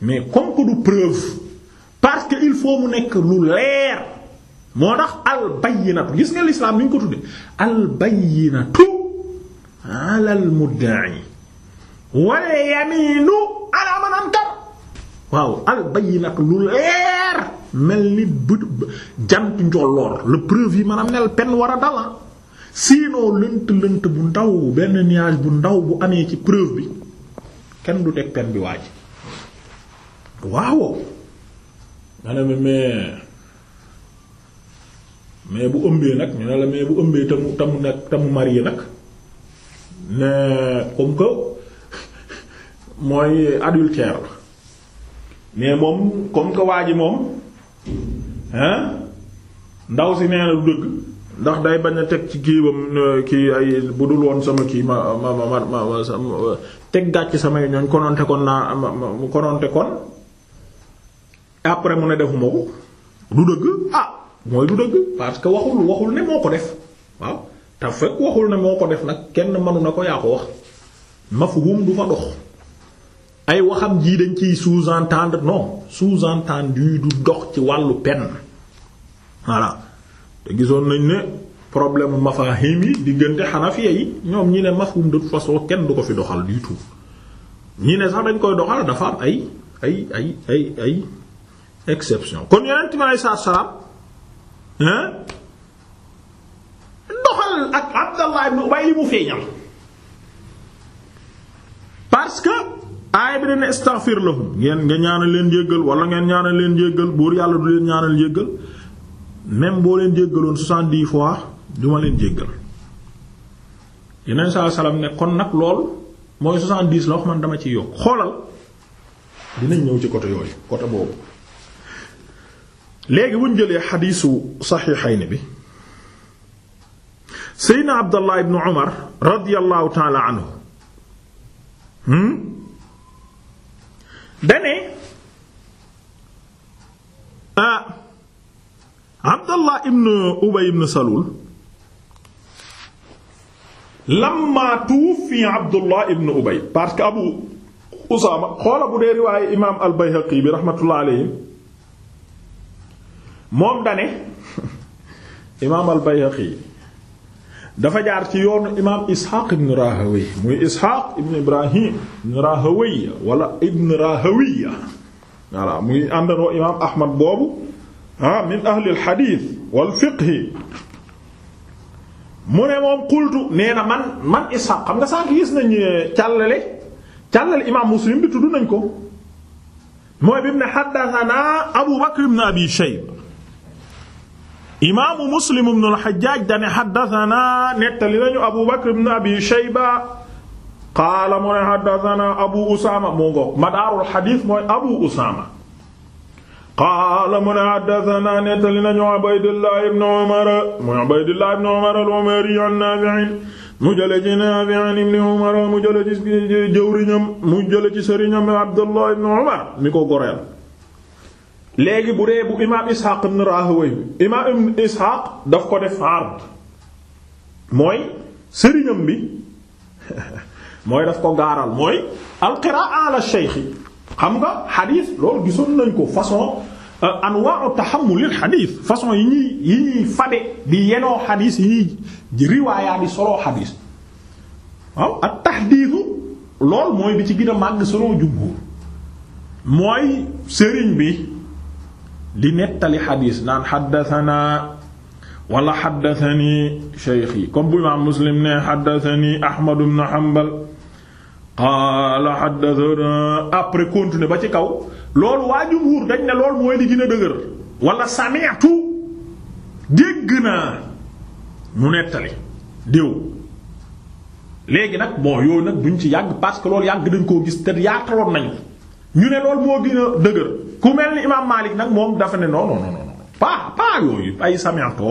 mais comme que du preuve parce que il faut mu nekk lu leer moo tax al bayyinatu gis nga l'islam ni ñu ko tudde al bayyinatu ala al mudda'i wal yaminu ala man ankar waaw al bayyinatu lu leer mel ni bët jant njolloor la preuve yi maanaam nel pen war a dala ah. sinon lënt-lënt bu ndaw benn nuage bu ndaw bu amee ci preuve bi kenn du teg pen bi waaj waaw nga ne mais mais bu ëmbee nag ñu ne mais bu ëmbee te mu te mu nag te mu marié nag ne comme que *laughs* mooy adultère mais moom comme que waa ji moom hein ndaw si nee na du dëgg ndax day bañ a teg ci géebam kii ay bu dul woon sama kii ma ma ma ma teg gàcc samay ñooñ kononte kon naa mu kononte kon après mu ne defuma ko du dëgg ah mooy du dëgg parce que waxul waxul ne moo ko def waaw te fekk waxul ne moo ko def nag kenn mënu na ko yaa ko wax mafhum du fa dox ay waxam jii dañ ciy sous-entendre non sous-entendu du dox ci wàllu pen voilà te gisoon nañ ne problème mafahim yi diggante xanafiya yi ñoom ñi ne mafhum de toute façon kenn du ko fi doxal du tout ñi ne sax dañ koy doxal dafa ay ay ay ay ay exception kon yonent bi ak Abdallah ibn Ubay li mu feeñal parce que aaya bi dana istaghfir lahum ngeen nga ñaana leen jéggal wala ngeen ñaanal leen jéggal buur yàlla du leen ñaanal jéggal même boo leen jéggaloon soixante-dix fois du ma leen jéggal yeneen saa salaam ne kon nag lool mooy soixante-dix la wax man dama ci yokk xoolal dinañ ñëw ci côté yooyu côté boobu léegi wuñ jëlee xadiisu saxiixayni bi seydna abdallah ibnu umar radiyallahu taala anhu hmm? dane ah Abdallah ibn Ubay ibn Salul lamma tuwuffi Abdullah ibn Ubay parce que Abu Usaama xoola bu dee riwaaye imaam al-Bayhaqi bi rahmatullah moom dane *laughs* imaam al-Bayhaqi dafa jaar ci yoonu imaam Ishaq ibn Rahawayh muy Ishaq ibn Ibrahim ibn Rahawayh wala ibn Rahawayh voilà muy àndandoo imaam Ahmad boobu ah min ahli al-hadith wal mu ne moom qultu nee na man man Ishaq xam nga sànq gis nañu càllale càllale imaam Muslim bi tudd nañ ko mooy bi mu ne Abu Bakr ibn Abi Shayba imaamu muslim ibn al-Hajjaj dane xaddatanaa nettali nañu abu bakr ibn abi shayba qaala mu ne xaddatanaa abu usaama mu ngoog madaarul xadiis mooy abu usaama qaala mu ne xaddatanaa nettali nañu ubaydullah ibn umar mooy ubaydullah ibn umar al-umari an naafi' mu jële ci naafi' ibn umar mu jële ci jëwriñam mu jële ci sëriñam abdullah ibn umar mi ko goreel léegi bu dee bu imaam Ishaq ibn Rahaway bi imaam ibn Ishaq daf ko def ard mooy sëriñam bi *laughs* mooy daf ko gaaral mooy alqiraa ala shaykh xam nga xadiis loolu gisoon nañ ko façon euh, anwaa'u tahammulil xadiis façon yi ñuy yi ñuy di yenoo xadiis yi ñuy riwaayaa di soloo xadiis waaw ak tahdiisu lool mooy bi ci gën a màgg soloo jumhur mooy sëriñ bi di nettali xadiis naan xaddasanaa wala xaddasani cheikh yi comme bu imaam muslim ne xaddasani ahmadu bnu hambal qaala xaddasana après continuer ba ci kaw loolu waa jumhuur dañ ne lool mooy li gën a dëgër wala sami'tu dégg naa mu nettali déw léegi nag moo yooyu nag duñ ci yàgg parce que loolu yàgg dañ koo gis te yaataloon nañu ñu ne loolu moo gën a dëgër ku mel ni imaam Maalik nag moom dafa ne non non non non pas pas yooyu ay sami'tu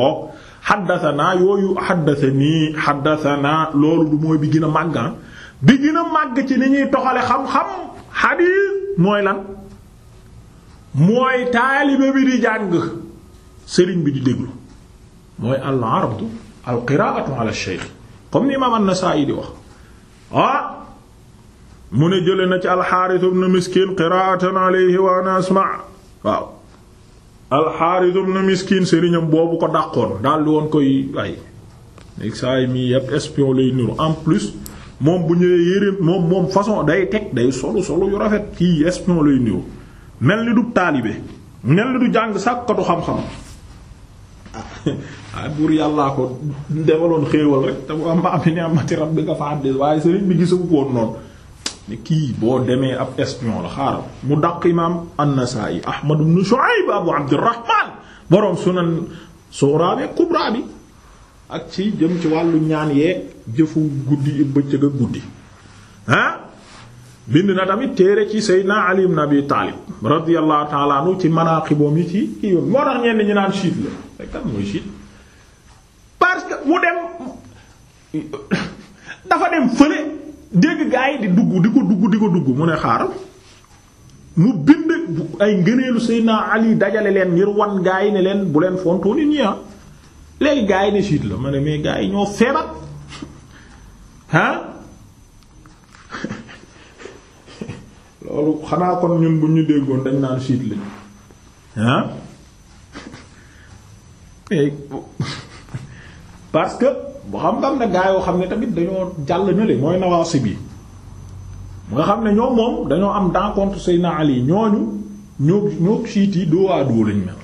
xaddasanaa yooyu xaddasanii xaddasanaa loolu du mooy bi gën a màgg ah. bi gën a màgg ci ni ñuy toxale xam-xam xadiis mooy lan mooy taalibe bi di jàng sëriñ bi di déglu mooy al ardu al qiraatu ala al sheikh comme ni imaam an-Nasaa'i di wax ah, mu ne jële na ci alxaaris ibn miskin qiraatan alayhi wa ana asma waaw alxaaris ibn miskin sëriñam boobu ko dàqoon daal di woon koy ay neg saay mi yépp espion lay niru en plus moom bu ñëwee yére moom moom façon day teg day solu solu yu rafet kii espion lay niru mel ni du taalibe mel ni du jàng sàkkatu xam-xam ah *laughs* buur yàllaa ko defaloon xéewal rek te bu am ma am ni rab bi nga fa àddis waaye sëriñ bi gisagu ko woon noonu ne kii boo demee ab espion la xaaral mu daq imaam an-Nasaa'i Ahmad ibn Shu'ayb Abu Abdurrahman boroom sunan suuraa bi ak ci jëm ci wàllu ñaan yeeg jëfu guddi bëccëg ak guddi ah bind na tamit téere ci Seydina Ali ibn Abi Taalib radiyallahu ta'ala anhu ci manaaqiboom yi ci kii yoon moo tax ñenn ñu naan chiite la fekk mooy chiite parce que mu dem *coughs* dafa dem fële dégg gaa yi di dugg di ko dugg di ko dugg mu ne xaaral mu bind ay ngëneelu Seydina Ali dajale leen ngir wan gaa yi ne leen bu leen fontoo nit ñi ah gaa yi ne siit la ma ne mais gaa yi ñoo feebar ah *laughs* loolu xanaa kon ñun bu ñu déggoon dañ naan siit lañ ah *laughs* *laughs* parce que. boo xam tam ne gaa yoo xam ne tamit dañoo jàll na le mooy bi yi nga xam ne ñoom moom dañoo am dans contre Seydina Ali ñooñu ñoo ñoo siit yi doo waa doo lañ mel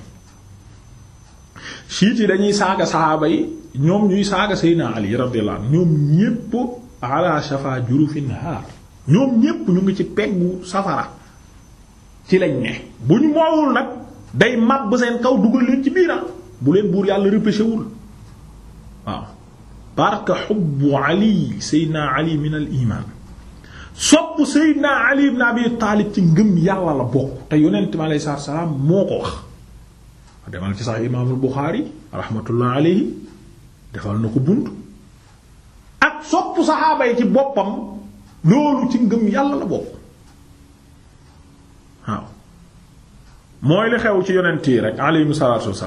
siit yi dañuy saaga saxaaba yi ñoom ñuy saaga Seydina Ali radiyallahu anhu ñoom ñépp ala shafa jurufin haar ñoom ñépp ñu ngi ci peggu safara ci lañ ne bu ñu moowul nag day màbb seen kaw dugal leen ci biira bu leen buur yàlla repêché wul parce que xubbu ali seydna ali min al iman sopp seydna ali ibn abi taalib ci ngëm yàlla la bokk te yonent bi aleyhi salaam moo ko wax demal ci sax imaamul buxaari rahmatullah aleyhi defal na ko bunt ak sopp saxaaba yi ci boppam loolu ci ngëm yàlla la bokk waaw mooy li xew ci yonent yi rek aleyhimu salaatu wassalaam